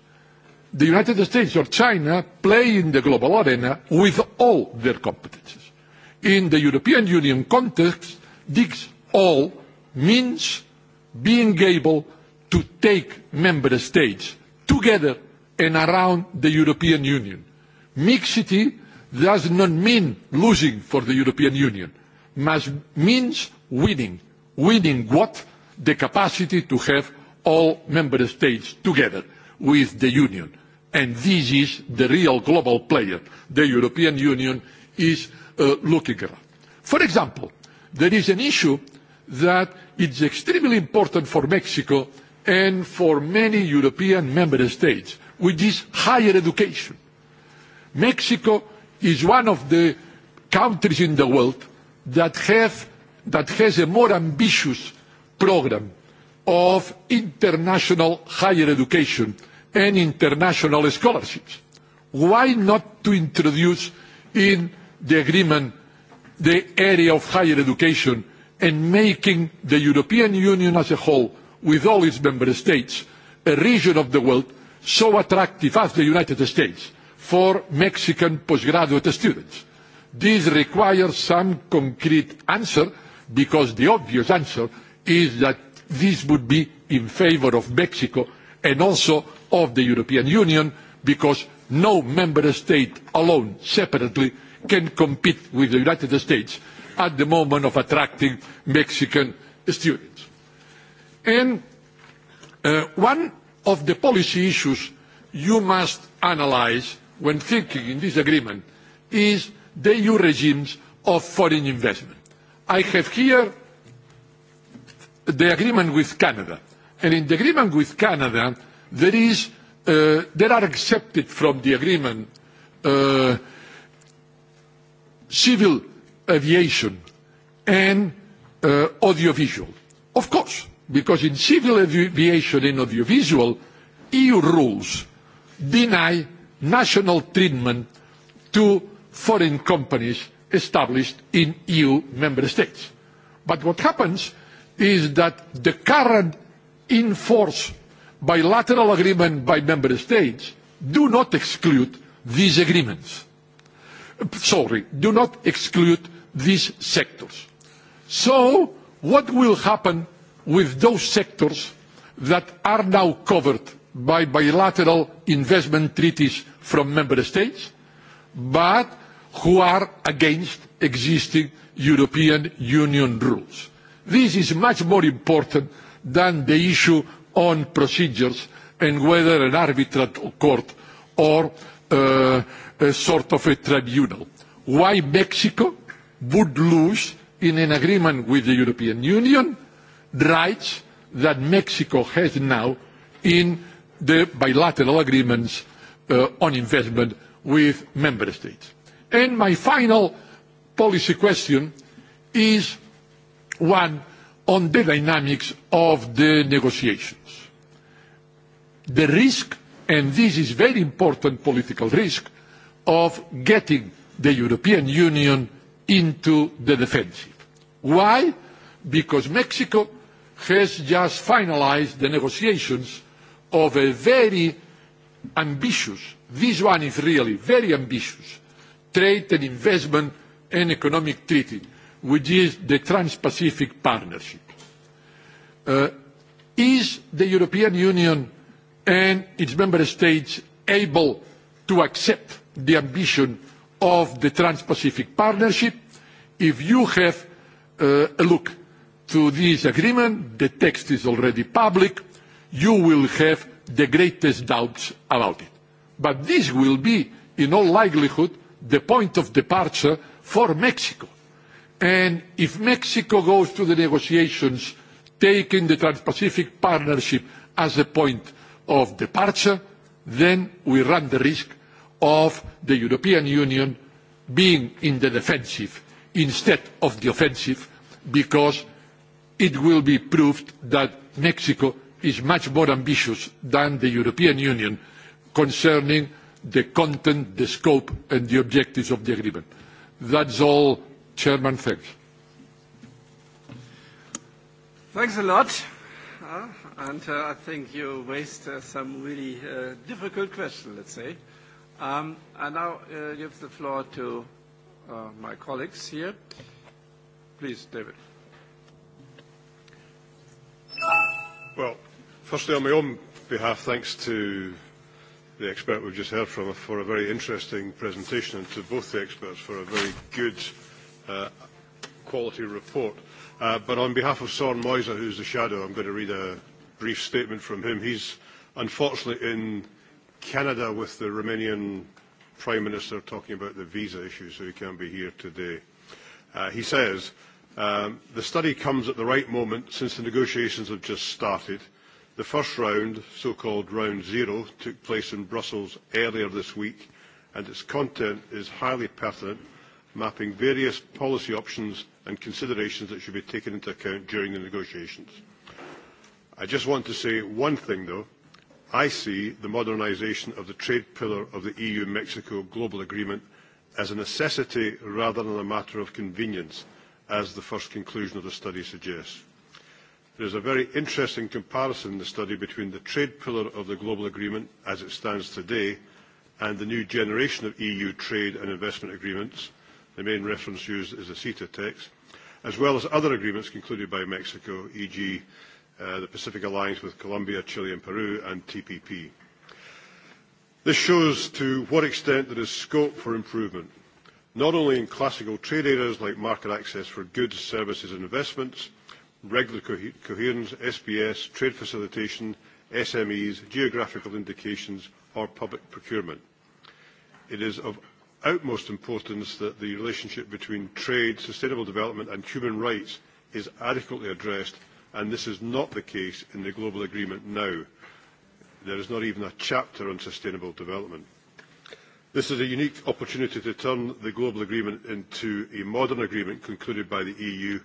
the United States or China play in the global arena with all their competences. In the European Union context, this all means being able to take member states together and around the European Union. Mixity does not mean losing for the European Union, must means winning. Winning what? The capacity to have all member states together with the Union and this is the real global player the European Union is uh, looking at. For example, there is an issue that is extremely important for Mexico and for many European member states, which is higher education. Mexico is one of the countries in the world that, have, that has a more ambitious program of international higher education and international scholarships. Why not to introduce in the agreement the area of higher education and making the European Union as a whole, with all its member states, a region of the world so attractive as the United States for Mexican postgraduate students? This requires some concrete answer because the obvious answer is that this would be in favor of Mexico and also of the European Union because no member state alone separately can compete with the United States at the moment of attracting Mexican students. And uh, one of the policy issues you must analyze when thinking in this agreement is the EU regimes of foreign investment. I have here the agreement with Canada. And in the agreement with Canada, there is, uh, there are accepted from the agreement uh, civil aviation and uh, audiovisual. Of course, because in civil aviation and audiovisual, EU rules deny national treatment to foreign companies established in EU member states. But what happens is that the current in force bilateral agreement by member states do not exclude these agreements. Sorry, do not exclude these sectors. So what will happen with those sectors that are now covered by bilateral investment treaties from member states, but who are against existing European Union rules? This is much more important than the issue on procedures and whether an arbitral court or uh, a sort of a tribunal. Why Mexico would lose in an agreement with the European Union rights that Mexico has now in the bilateral agreements uh, on investment with member states. And my final policy question is one on the dynamics of the negotiations. The risk, and this is very important political risk, of getting the European Union into the defensive. Why? Because Mexico has just finalized the negotiations of a very ambitious, this one is really very ambitious, trade and investment and economic treaty which is the Trans-Pacific Partnership. Uh, is the European Union and its member states able to accept the ambition of the Trans-Pacific Partnership? If you have uh, a look to this agreement, the text is already public, you will have the greatest doubts about it. But this will be, in all likelihood, the point of departure for Mexico And if Mexico goes to the negotiations taking the Trans-Pacific Partnership as the point of departure, then we run the risk of the European Union being in the defensive instead of the offensive because it will be proved that Mexico is much more ambitious than the European Union concerning the content, the scope and the objectives of the agreement. That's all Chairman, thank you. Thanks a lot. Uh, and uh, I think you raised uh, some really uh, difficult questions, let's say. Um, I now uh, give the floor to uh, my colleagues here. Please, David. Well, firstly, on my own behalf, thanks to the expert we've just heard from for a very interesting presentation and to both the experts for a very good presentation uh, quality report. Uh, but on behalf of Søren Moyser, who's the shadow, I'm going to read a brief statement from him. He's unfortunately in Canada with the Romanian Prime Minister talking about the visa issue, so he can't be here today. Uh, he says, um, the study comes at the right moment since the negotiations have just started. The first round, so-called round zero, took place in Brussels earlier this week, and its content is highly pertinent mapping various policy options and considerations that should be taken into account during the negotiations. I just want to say one thing, though. I see the modernisation of the trade pillar of the EU-Mexico Global Agreement as a necessity rather than a matter of convenience, as the first conclusion of the study suggests. There is a very interesting comparison in the study between the trade pillar of the Global Agreement as it stands today and the new generation of EU trade and investment agreements – the main reference used is the CETA text, as well as other agreements concluded by Mexico, e.g. Uh, the Pacific Alliance with Colombia, Chile and Peru, and TPP. This shows to what extent there is scope for improvement, not only in classical trade areas like market access for goods, services and investments, regular co coherence, SBS, trade facilitation, SMEs, geographical indications or public procurement. It is of utmost importance that the relationship between trade, sustainable development and human rights is adequately addressed, and this is not the case in the global agreement now. There is not even a chapter on sustainable development. This is a unique opportunity to turn the global agreement into a modern agreement concluded by the EU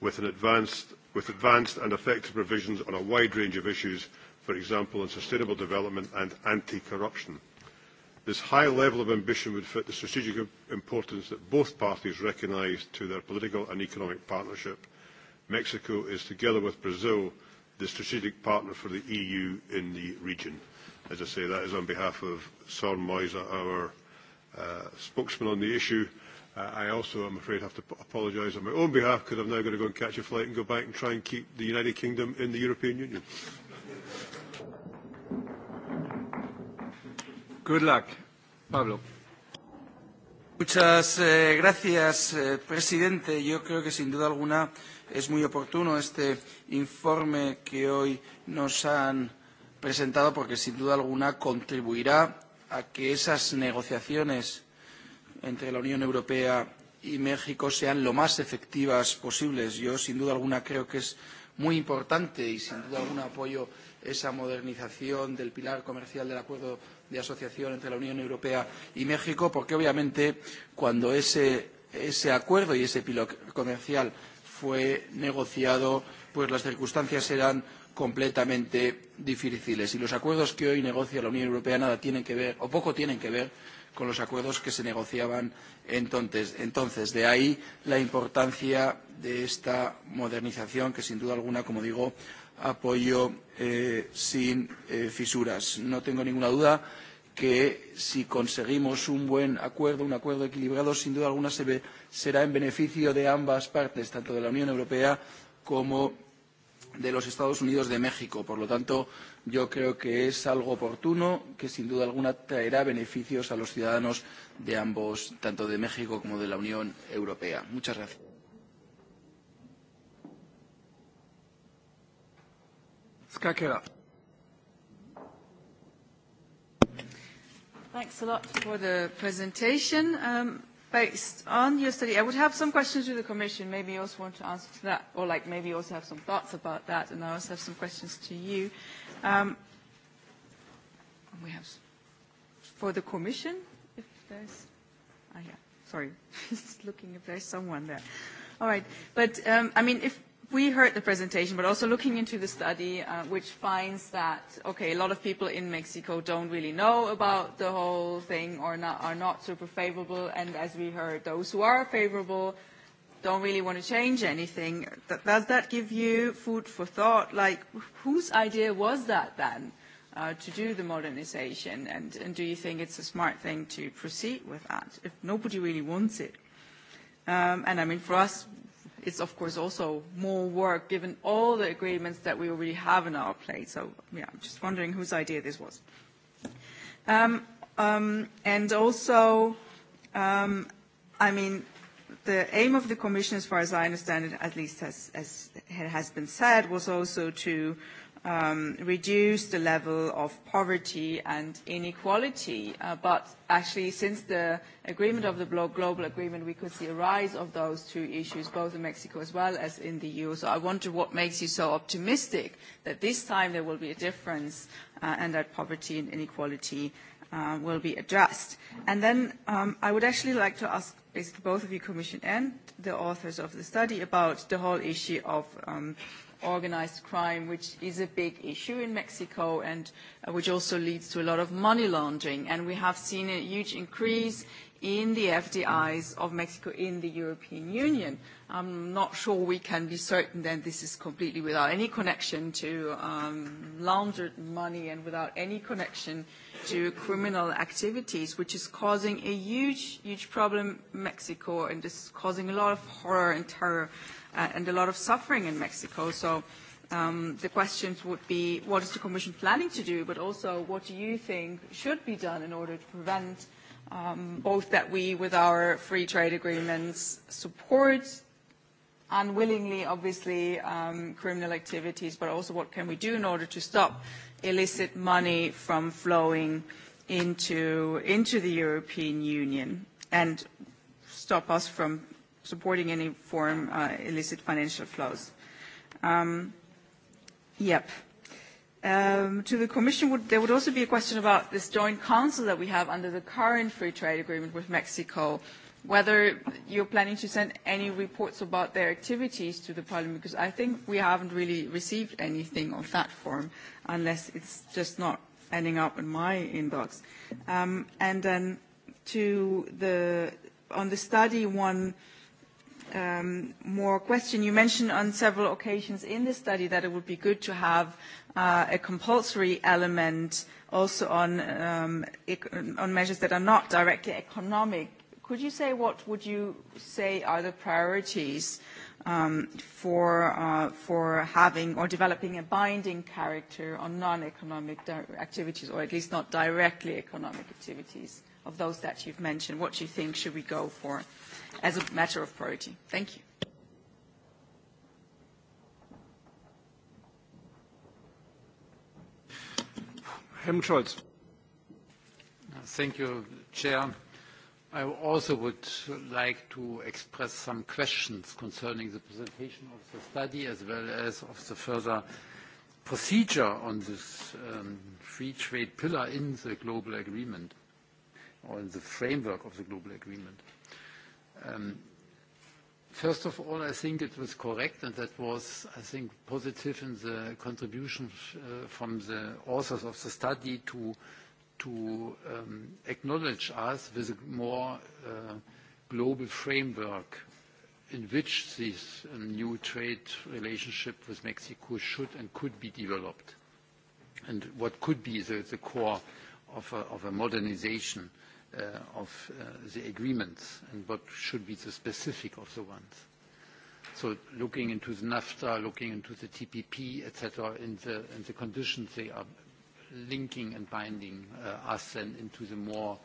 with, an advanced, with advanced and effective provisions on a wide range of issues, for example, on sustainable development and anti-corruption. This high level of ambition would fit the strategic importance that both parties recognise to their political and economic partnership. Mexico is, together with Brazil, the strategic partner for the EU in the region. As I say, that is on behalf of Sir Moisa, our uh, spokesman on the issue. Uh, I also, I'm afraid, have to apologise on my own behalf because I'm now going to go and catch a flight and go back and try and keep the United Kingdom in the European Union. Good luck, Pablo. Muchas eh, gracias, eh, presidente. Yo creo que sin duda alguna es muy oportuno este informe que hoy nos han presentado porque sin duda alguna contribuirá a que esas negociaciones entre la Unión Europea y México sean lo más efectivas posibles. Yo sin duda alguna creo que es muy importante y sin duda alguna apoyo esa modernización del pilar comercial del acuerdo de asociación entre la Unión Europea y México, porque obviamente cuando ese, ese acuerdo y ese pilo comercial fue negociado, pues las circunstancias eran completamente difíciles. Y los acuerdos que hoy negocia la Unión Europea nada tienen que ver, o poco tienen que ver, con los acuerdos que se negociaban entonces. entonces. De ahí la importancia de esta modernización que, sin duda alguna, como digo, apoyo eh, sin eh, fisuras. No tengo ninguna duda que si conseguimos un buen acuerdo, un acuerdo equilibrado, sin duda alguna se ve, será en beneficio de ambas partes, tanto de la Unión Europea como de los Estados Unidos de México. Por lo tanto, yo creo que es algo oportuno que sin duda alguna traerá beneficios a los ciudadanos de ambos, tanto de México como de la Unión Europea. Muchas gracias. Kakela. Thanks a lot for the presentation. Um, based on your study, I would have some questions to the Commission. Maybe you also want to answer to that, or like maybe you also have some thoughts about that, and I also have some questions to you. Um, we have for the Commission, if there's, oh yeah, sorry, just looking if there's someone there. All right, but um, I mean, if we heard the presentation, but also looking into the study, uh, which finds that, okay, a lot of people in Mexico don't really know about the whole thing or not, are not super favorable. And as we heard, those who are favorable don't really want to change anything. Th does that give you food for thought? Like, whose idea was that then uh, to do the modernization? And, and do you think it's a smart thing to proceed with that if nobody really wants it? Um, and I mean, for us, it's of course also more work given all the agreements that we already have on our plate. So yeah, I'm just wondering whose idea this was. Um, um, and also, um, I mean, the aim of the Commission, as far as I understand it, at least as, as has been said, was also to uh, um, reduce the level of poverty and inequality. Uh, but actually, since the agreement of the global agreement, we could see a rise of those two issues, both in Mexico as well as in the EU. So I wonder what makes you so optimistic that this time there will be a difference uh, and that poverty and inequality uh, will be addressed. And then um, I would actually like to ask basically both of you, Commission and the authors of the study, about the whole issue of um, organized crime, which is a big issue in Mexico and uh, which also leads to a lot of money laundering. And we have seen a huge increase in the FDIs of Mexico in the European Union. I'm not sure we can be certain that this is completely without any connection to um, laundered money and without any connection to criminal activities, which is causing a huge, huge problem in Mexico and is causing a lot of horror and terror uh, and a lot of suffering in Mexico. So um, the questions would be, what is the Commission planning to do, but also what do you think should be done in order to prevent um, both that we, with our free trade agreements, support unwillingly, obviously, um, criminal activities, but also what can we do in order to stop illicit money from flowing into, into the European Union and stop us from supporting any form uh, illicit financial flows. Um, yep. Um, to the Commission, would, there would also be a question about this joint council that we have under the current free trade agreement with Mexico, whether you're planning to send any reports about their activities to the Parliament, because I think we haven't really received anything of that form, unless it's just not ending up in my inbox. Um, and then to the, on the study one, um, more question. You mentioned on several occasions in this study that it would be good to have uh, a compulsory element also on, um, on measures that are not directly economic. Could you say what would you say are the priorities um, for, uh, for having or developing a binding character on non-economic activities, or at least not directly economic activities of those that you've mentioned? What do you think should we go for? as a matter of priority. Thank you. Helmut Scholz. Thank you, Chair. I also would like to express some questions concerning the presentation of the study as well as of the further procedure on this um, free trade pillar in the global agreement or in the framework of the global agreement. Uh, Um, first of all, I think it was correct, and that was, I think, positive in the contribution uh, from the authors of the study to, to um, acknowledge us with a more uh, global framework in which this uh, new trade relationship with Mexico should and could be developed, and what could be the, the core of a, of a modernization uh, uh, of uh, the agreements and what should be the specific of the ones. So looking into the NAFTA, looking into the TPP, et cetera, and the, and the conditions they are linking and binding uh, us then into the more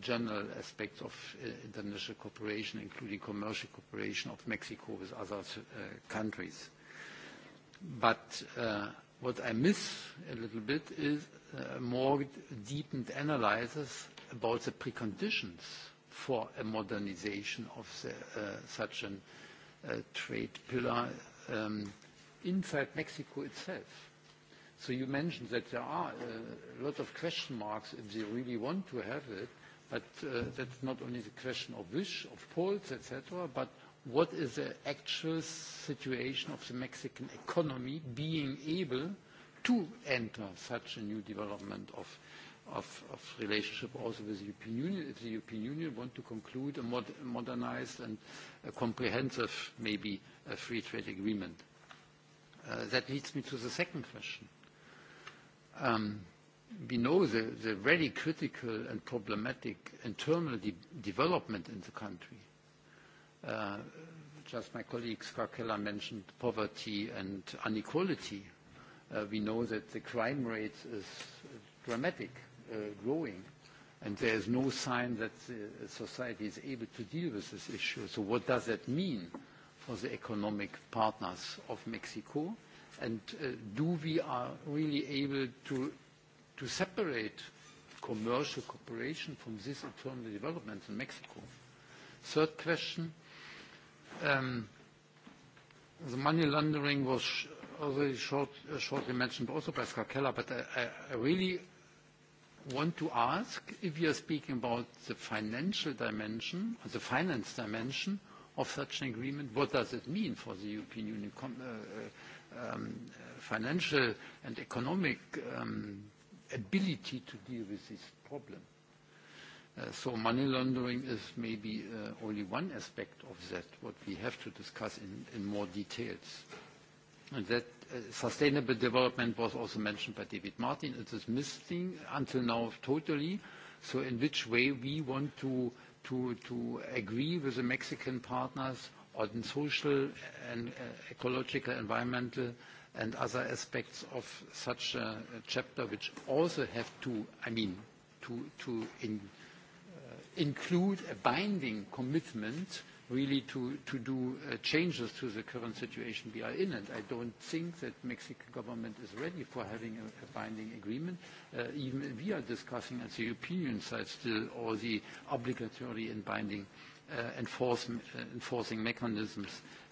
general aspects of uh, international cooperation, including commercial cooperation of Mexico with other uh, countries. But uh, what I miss a little bit is uh, more deepened analysis about the preconditions for a modernization of the, uh, such an uh, trade pillar um, inside Mexico itself. So you mentioned that there are uh, a lot of question marks if they really want to have it, but uh, that's not only the question of wish, of polls, et cetera, but what is the actual situation of the Mexican economy being able to enter such a new development of of, of relationship also with the European Union. If the European Union want to conclude a mod, modernized and a comprehensive, maybe, a free trade agreement. Uh, that leads me to the second question. Um, we know the, the very critical and problematic internal de development in the country. Uh, just my colleague Ska Keller mentioned poverty and inequality. Uh, we know that the crime rate is dramatic uh, growing, and there is no sign that uh, society is able to deal with this issue. So what does that mean for the economic partners of Mexico? And uh, do we are really able to, to separate commercial cooperation from this internal development in Mexico? Third question, um, the money laundering was already short, uh, shortly mentioned also by Scott Keller, but I, I, I really want to ask if you are speaking about the financial dimension, the finance dimension of such an agreement. What does it mean for the European Union uh, uh, um, financial and economic um, ability to deal with this problem? Uh, so money laundering is maybe uh, only one aspect of that, what we have to discuss in, in more details. And that sustainable development was also mentioned by David Martin. It is missing until now totally. So in which way we want to, to, to agree with the Mexican partners on social and uh, ecological, environmental, and other aspects of such a chapter, which also have to, I mean, to, to in, uh, include a binding commitment really to, to do uh, changes to the current situation we are in. And I don't think that Mexican government is ready for having a, a binding agreement. Uh, even we are discussing at the European side still all the obligatory and binding uh, enforce, uh, enforcing mechanisms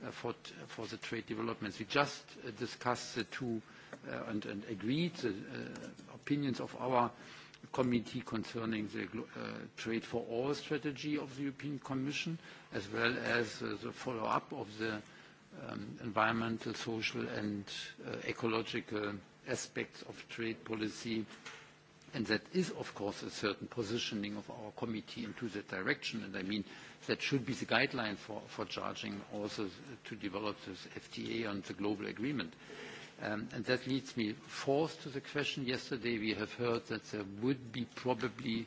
uh, for, t for the trade developments. We just uh, discussed the two uh, and, and agreed the uh, opinions of our uh, committee concerning the uh, trade for all strategy of the European Commission, as well as uh, the follow-up of the um, environmental, social, and uh, ecological aspects of trade policy. And that is, of course, a certain positioning of our committee into that direction. And I mean, that should be the guideline for, for charging also to develop this FTA and the global agreement. Uh, Um, and that leads me fourth to the question. Yesterday we have heard that there would be probably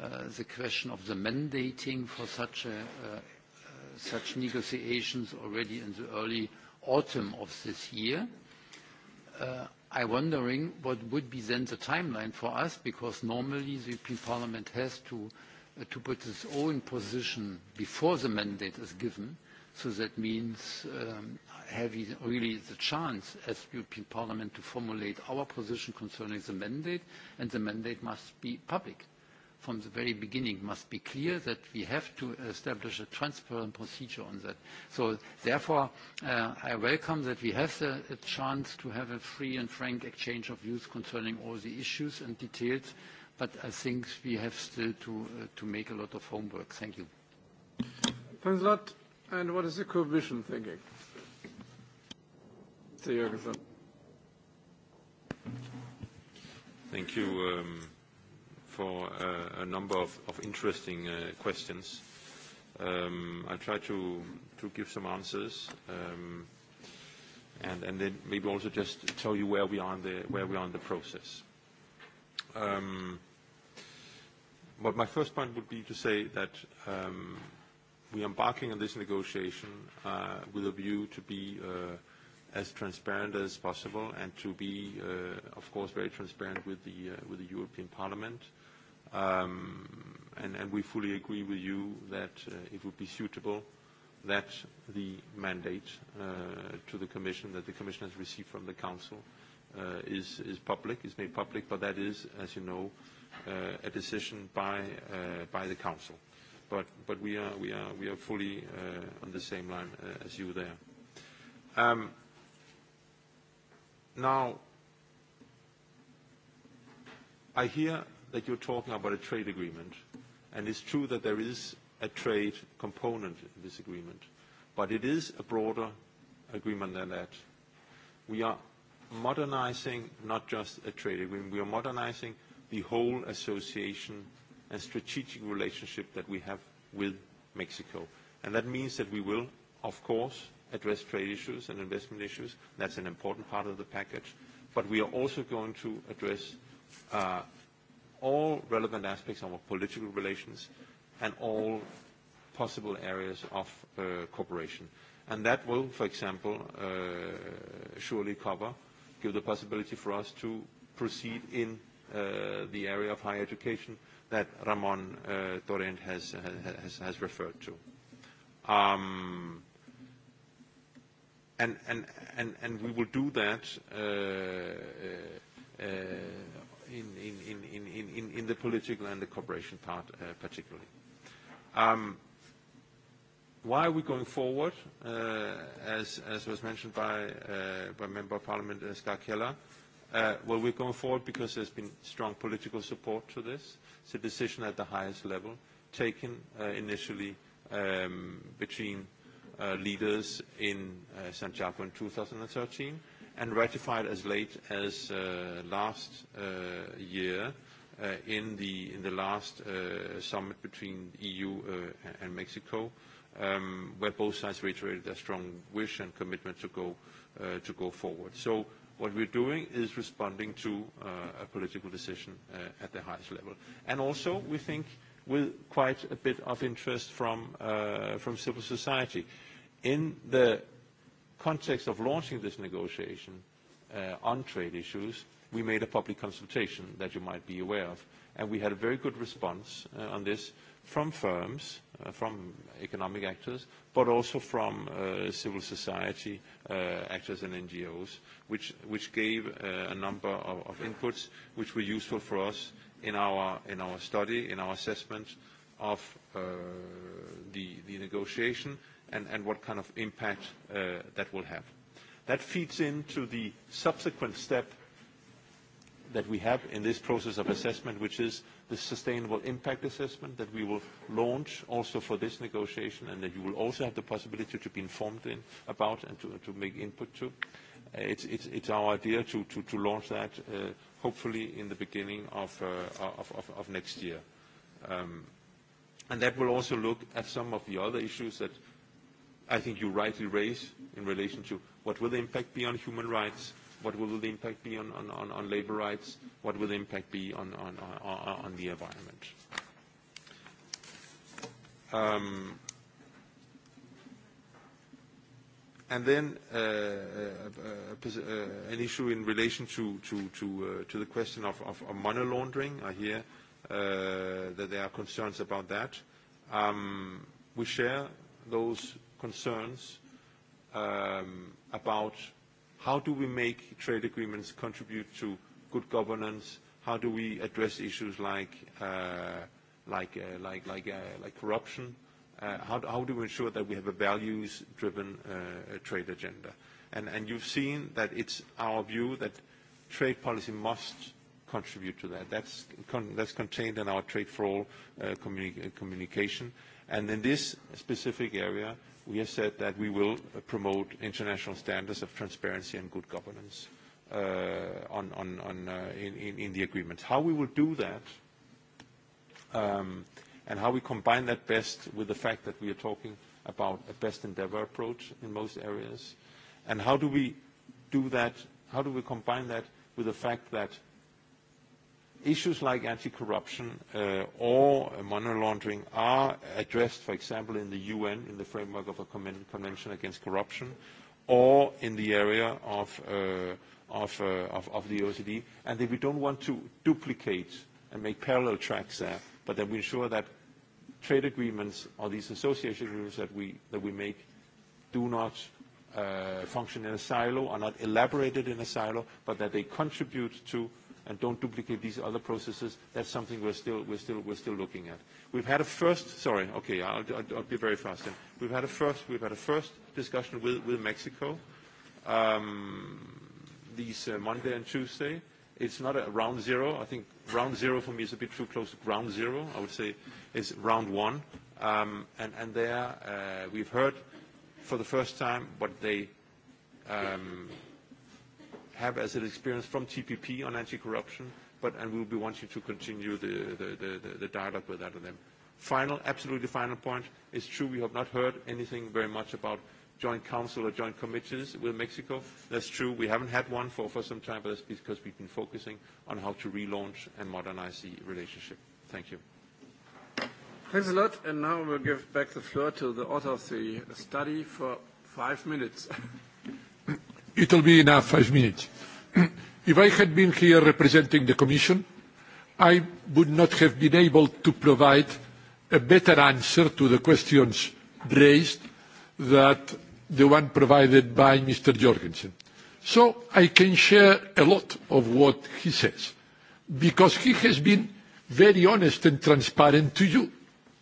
uh, the question of the mandating for such, a, uh, uh, such negotiations already in the early autumn of this year. Uh, I'm wondering what would be then the timeline for us, because normally the European Parliament has to, uh, to put its own position before the mandate is given. So that means um, having really the chance as European Parliament to formulate our position concerning the mandate, and the mandate must be public. From the very beginning must be clear that we have to establish a transparent procedure on that. So therefore, uh, I welcome that we have the a chance to have a free and frank exchange of views concerning all the issues and details, but I think we have still to, uh, to make a lot of homework. Thank you. Thanks a lot. And what is the Commission thinking? Mr. Jürgensen. Thank you um, for uh, a number of, of interesting uh, questions. Um, I'll try to, to give some answers, um, and, and then maybe also just tell you where we are in the, where we are in the process. Um, but my first point would be to say that um, we are embarking on this negotiation uh, with a view to be uh, as transparent as possible and to be, uh, of course, very transparent with the, uh, with the European Parliament. Um, and, and we fully agree with you that uh, it would be suitable that the mandate uh, to the Commission, that the Commission has received from the Council, is, is public, is made public, but that is, as you know, a decision by, by the Council but, but we, are, we, are, we are fully uh, on the same line uh, as you there. Um, now, I hear that you're talking about a trade agreement, and it's true that there is a trade component in this agreement, but it is a broader agreement than that. We are modernizing not just a trade agreement, we are modernizing the whole association and strategic relationship that we have with Mexico. And that means that we will, of course, address trade issues and investment issues. That's an important part of the package. But we are also going to address uh, all relevant aspects of our political relations and all possible areas of uh, cooperation. And that will, for example, uh, surely cover, give the possibility for us to proceed in uh, the area of higher education, uh, that Ramon uh, Torrent has, uh, has, has referred to. Um, and, and, and, and we will do that uh, uh, uh in, in, in, in the political and the cooperation part, uh, particularly. Um, why are we going forward? As, as was mentioned by, by Member of Parliament Ska Keller, uh, where we've gone forward because there's been strong political support to this. It's a decision at the highest level taken uh, initially um, between uh, leaders in uh, Santiago in 2013 and ratified as late as uh, last uh, year uh, in, the, in the last uh, summit between EU uh, and Mexico, um, where both sides reiterated their strong wish and commitment to go, uh, to go forward. So What we're doing is responding to uh, a political decision uh, at the highest level. And also, we think with quite a bit of interest from, uh, from civil society. In the context of launching this negotiation uh, on trade issues, we made a public consultation that you might be aware of, and we had a very good response uh, on this from firms, uh, from economic actors, but also from uh, civil society uh, actors and NGOs, which, which gave uh, a number of, of inputs which were useful for us in our, in our study, in our assessment of uh, the, the negotiation and, and what kind of impact uh, that will have. That feeds into the subsequent step that we have in this process of assessment, which is the sustainable impact assessment that we will launch also for this negotiation, and that you will also have the possibility to be informed in about and to, to make input to. Uh, it's, it's, it's our idea to, to, to launch that, uh, hopefully in the beginning of, uh, of, of, of next year. Um, and that will also look at some of the other issues that I think you rightly raise in relation to what will the impact be on human rights, What will the impact be on, on, on, on labor rights? What will the impact be on, on, on, on the environment? Um, And then uh, uh, uh, uh an issue in relation to, to, to, uh, to the question of, of, of money laundering. I hear uh, that there are concerns about that. Um, we share those concerns um, about How do we make trade agreements contribute to good governance? How do we address issues like, uh, like, uh, like, like, uh, like corruption? Uh, how, how do we ensure that we have a values-driven uh, trade agenda? And, and you've seen that it's our view that trade policy must contribute to that. That's, con that's contained in our Trade for All uh, communi communication. And in this specific area, we have said that we will promote international standards of transparency and good governance uh, on, on, on, uh, in, in, in the agreement. How we will do that um, and how we combine that best with the fact that we are talking about a best endeavor approach in most areas, and how do we do that, how do we combine that with the fact that Issues like anti-corruption uh, or money laundering are addressed, for example, in the UN in the framework of a convention against corruption or in the area of, uh, of, uh, of, of the OECD. And if we don't want to duplicate and make parallel tracks there, but that we ensure that trade agreements or these association agreements that we, that we make do not uh, function in a silo, are not elaborated in a silo, but that they contribute to and don't duplicate these other processes. That's something we're still, we're still, we're still looking at. We've had a first. Sorry. Okay, I'll, I'll, I'll be very fast then. We've had a first, had a first discussion with, with Mexico um, these uh, Monday and Tuesday. It's not a round zero. I think round zero for me is a bit too close to ground zero. I would say it's round one. Um, and, and there, uh, we've heard for the first time what they um, have as an experience from TPP on anti-corruption, but and we'll be wanting to continue the, the, the, the dialogue with that of them. Final, absolutely final point, it's true we have not heard anything very much about joint council or joint committees with Mexico. That's true. We haven't had one for, for some time, but that's because we've been focusing on how to relaunch and modernize the relationship. Thank you. Thanks a lot. And now we'll give back the floor to the author of the study for five minutes. It will be enough five minutes. if I had been here representing the Commission, I would not have been able to provide a better answer to the questions raised than the one provided by Mr. Jorgensen. So I can share a lot of what he says, because he has been very honest and transparent to you.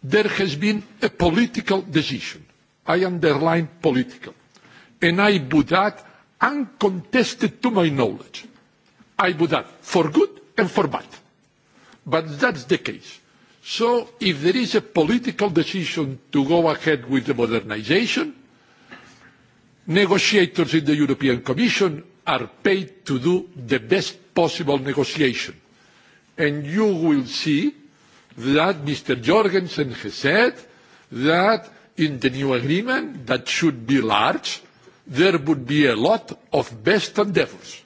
There has been a political decision. I underline political. And I do that uncontested to my knowledge. I would add for good and for bad. But that's the case. So if there is a political decision to go ahead with the modernization, negotiators in the European Commission are paid to do the best possible negotiation. And you will see that Mr. Jorgensen has said that in the new agreement that should be large, there would be a lot of best endeavors.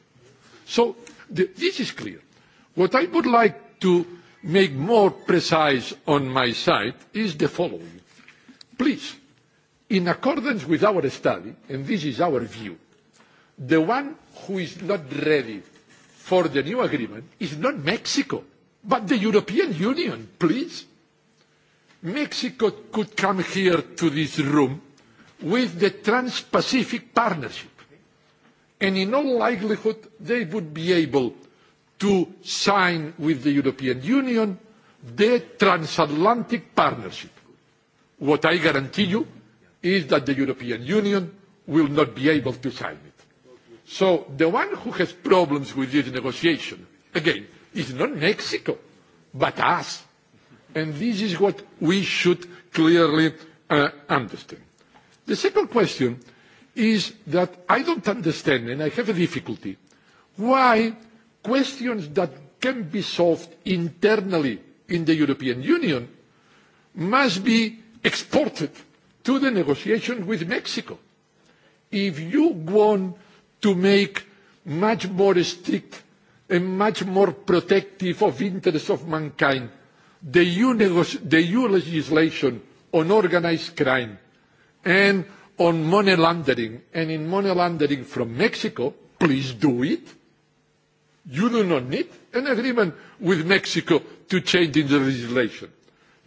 So the, this is clear. What I would like to make more precise on my side is the following. Please, in accordance with our study, and this is our view, the one who is not ready for the new agreement is not Mexico, but the European Union, please. Mexico could come here to this room with the Trans-Pacific Partnership. And in all likelihood, they would be able to sign with the European Union the transatlantic partnership. What I guarantee you is that the European Union will not be able to sign it. So the one who has problems with this negotiation, again, is not Mexico, but us. And this is what we should clearly uh, understand. The second question is that I don't understand, and I have a difficulty, why questions that can be solved internally in the European Union must be exported to the negotiations with Mexico. If you want to make much more strict and much more protective of interests of mankind, the EU, the EU legislation on organized crime and on money laundering and in money laundering from Mexico, please do it. You do not need an agreement with Mexico to change in the legislation.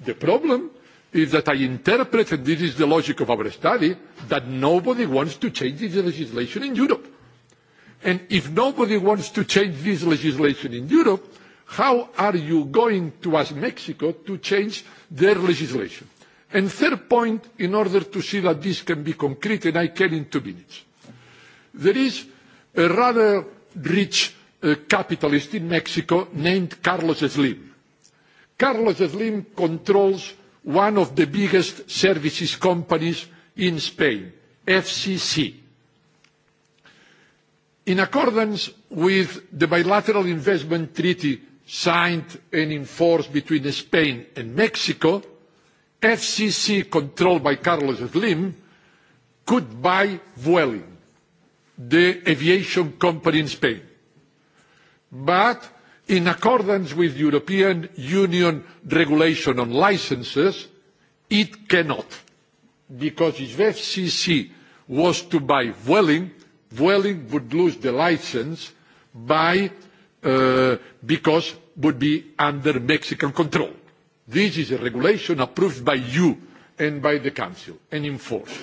The problem is that I interpret, and this is the logic of our study, that nobody wants to change the legislation in Europe. And if nobody wants to change this legislation in Europe, how are you going to ask Mexico to change their legislation? And third point, in order to see that this can be concrete, and I can in two minutes. There is a rather rich uh, capitalist in Mexico named Carlos Slim. Carlos Slim controls one of the biggest services companies in Spain, FCC. In accordance with the bilateral investment treaty signed and enforced between Spain and Mexico, FCC controlled by Carlos Slim could buy Vueling, the aviation company in Spain. But in accordance with European Union regulation on licenses, it cannot, because if FCC was to buy Vueling, Vueling would lose the license by, uh, because would be under Mexican control This is a regulation approved by you and by the Council and enforced.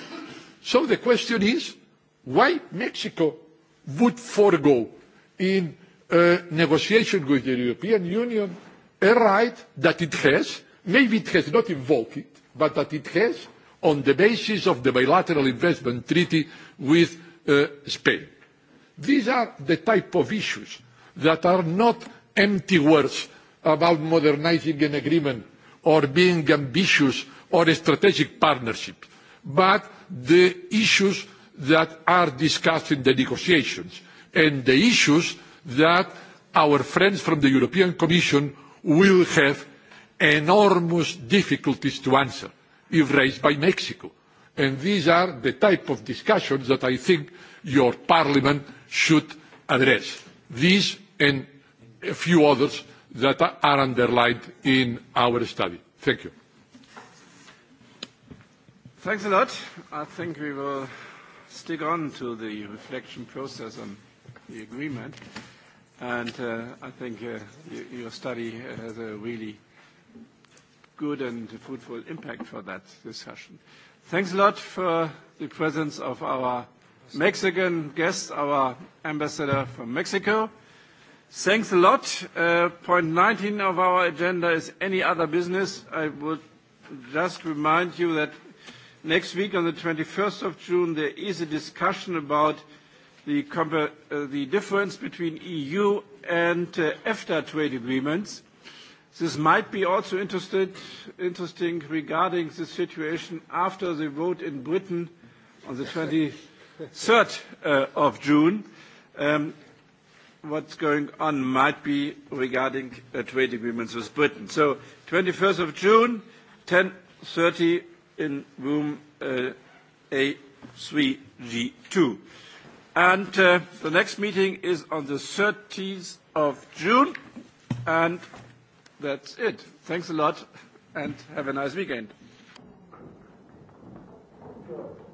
So the question is, why Mexico would forego in uh, negotiation with the European Union a right that it has, maybe it has not invoked it, but that it has on the basis of the bilateral investment treaty with uh, Spain. These are the type of issues that are not empty words about modernizing an agreement or being ambitious or a strategic partnership, but the issues that are discussed in the negotiations and the issues that our friends from the European Commission will have enormous difficulties to answer if raised by Mexico. And these are the type of discussions that I think your parliament should address. These and a few others that are underlined in our study. Thank you. Thanks a lot. I think we will stick on to the reflection process on the agreement. And uh, I think uh, your study has a really good and fruitful impact for that discussion. Thanks a lot for the presence of our Mexican guest, our ambassador from Mexico. Thanks a lot. Uh, point 19 of our agenda is any other business. I would just remind you that next week on the 21st of June there is a discussion about the, uh, the difference between EU and uh, EFTA trade agreements. This might be also interesting regarding the situation after the vote in Britain on the 23rd uh, of June. Um, what's going on might be regarding uh, trade agreements with Britain. So 21st of June, 10.30 in room uh, A3G2. And uh, the next meeting is on the 30th of June. And that's it. Thanks a lot and have a nice weekend. Thank you.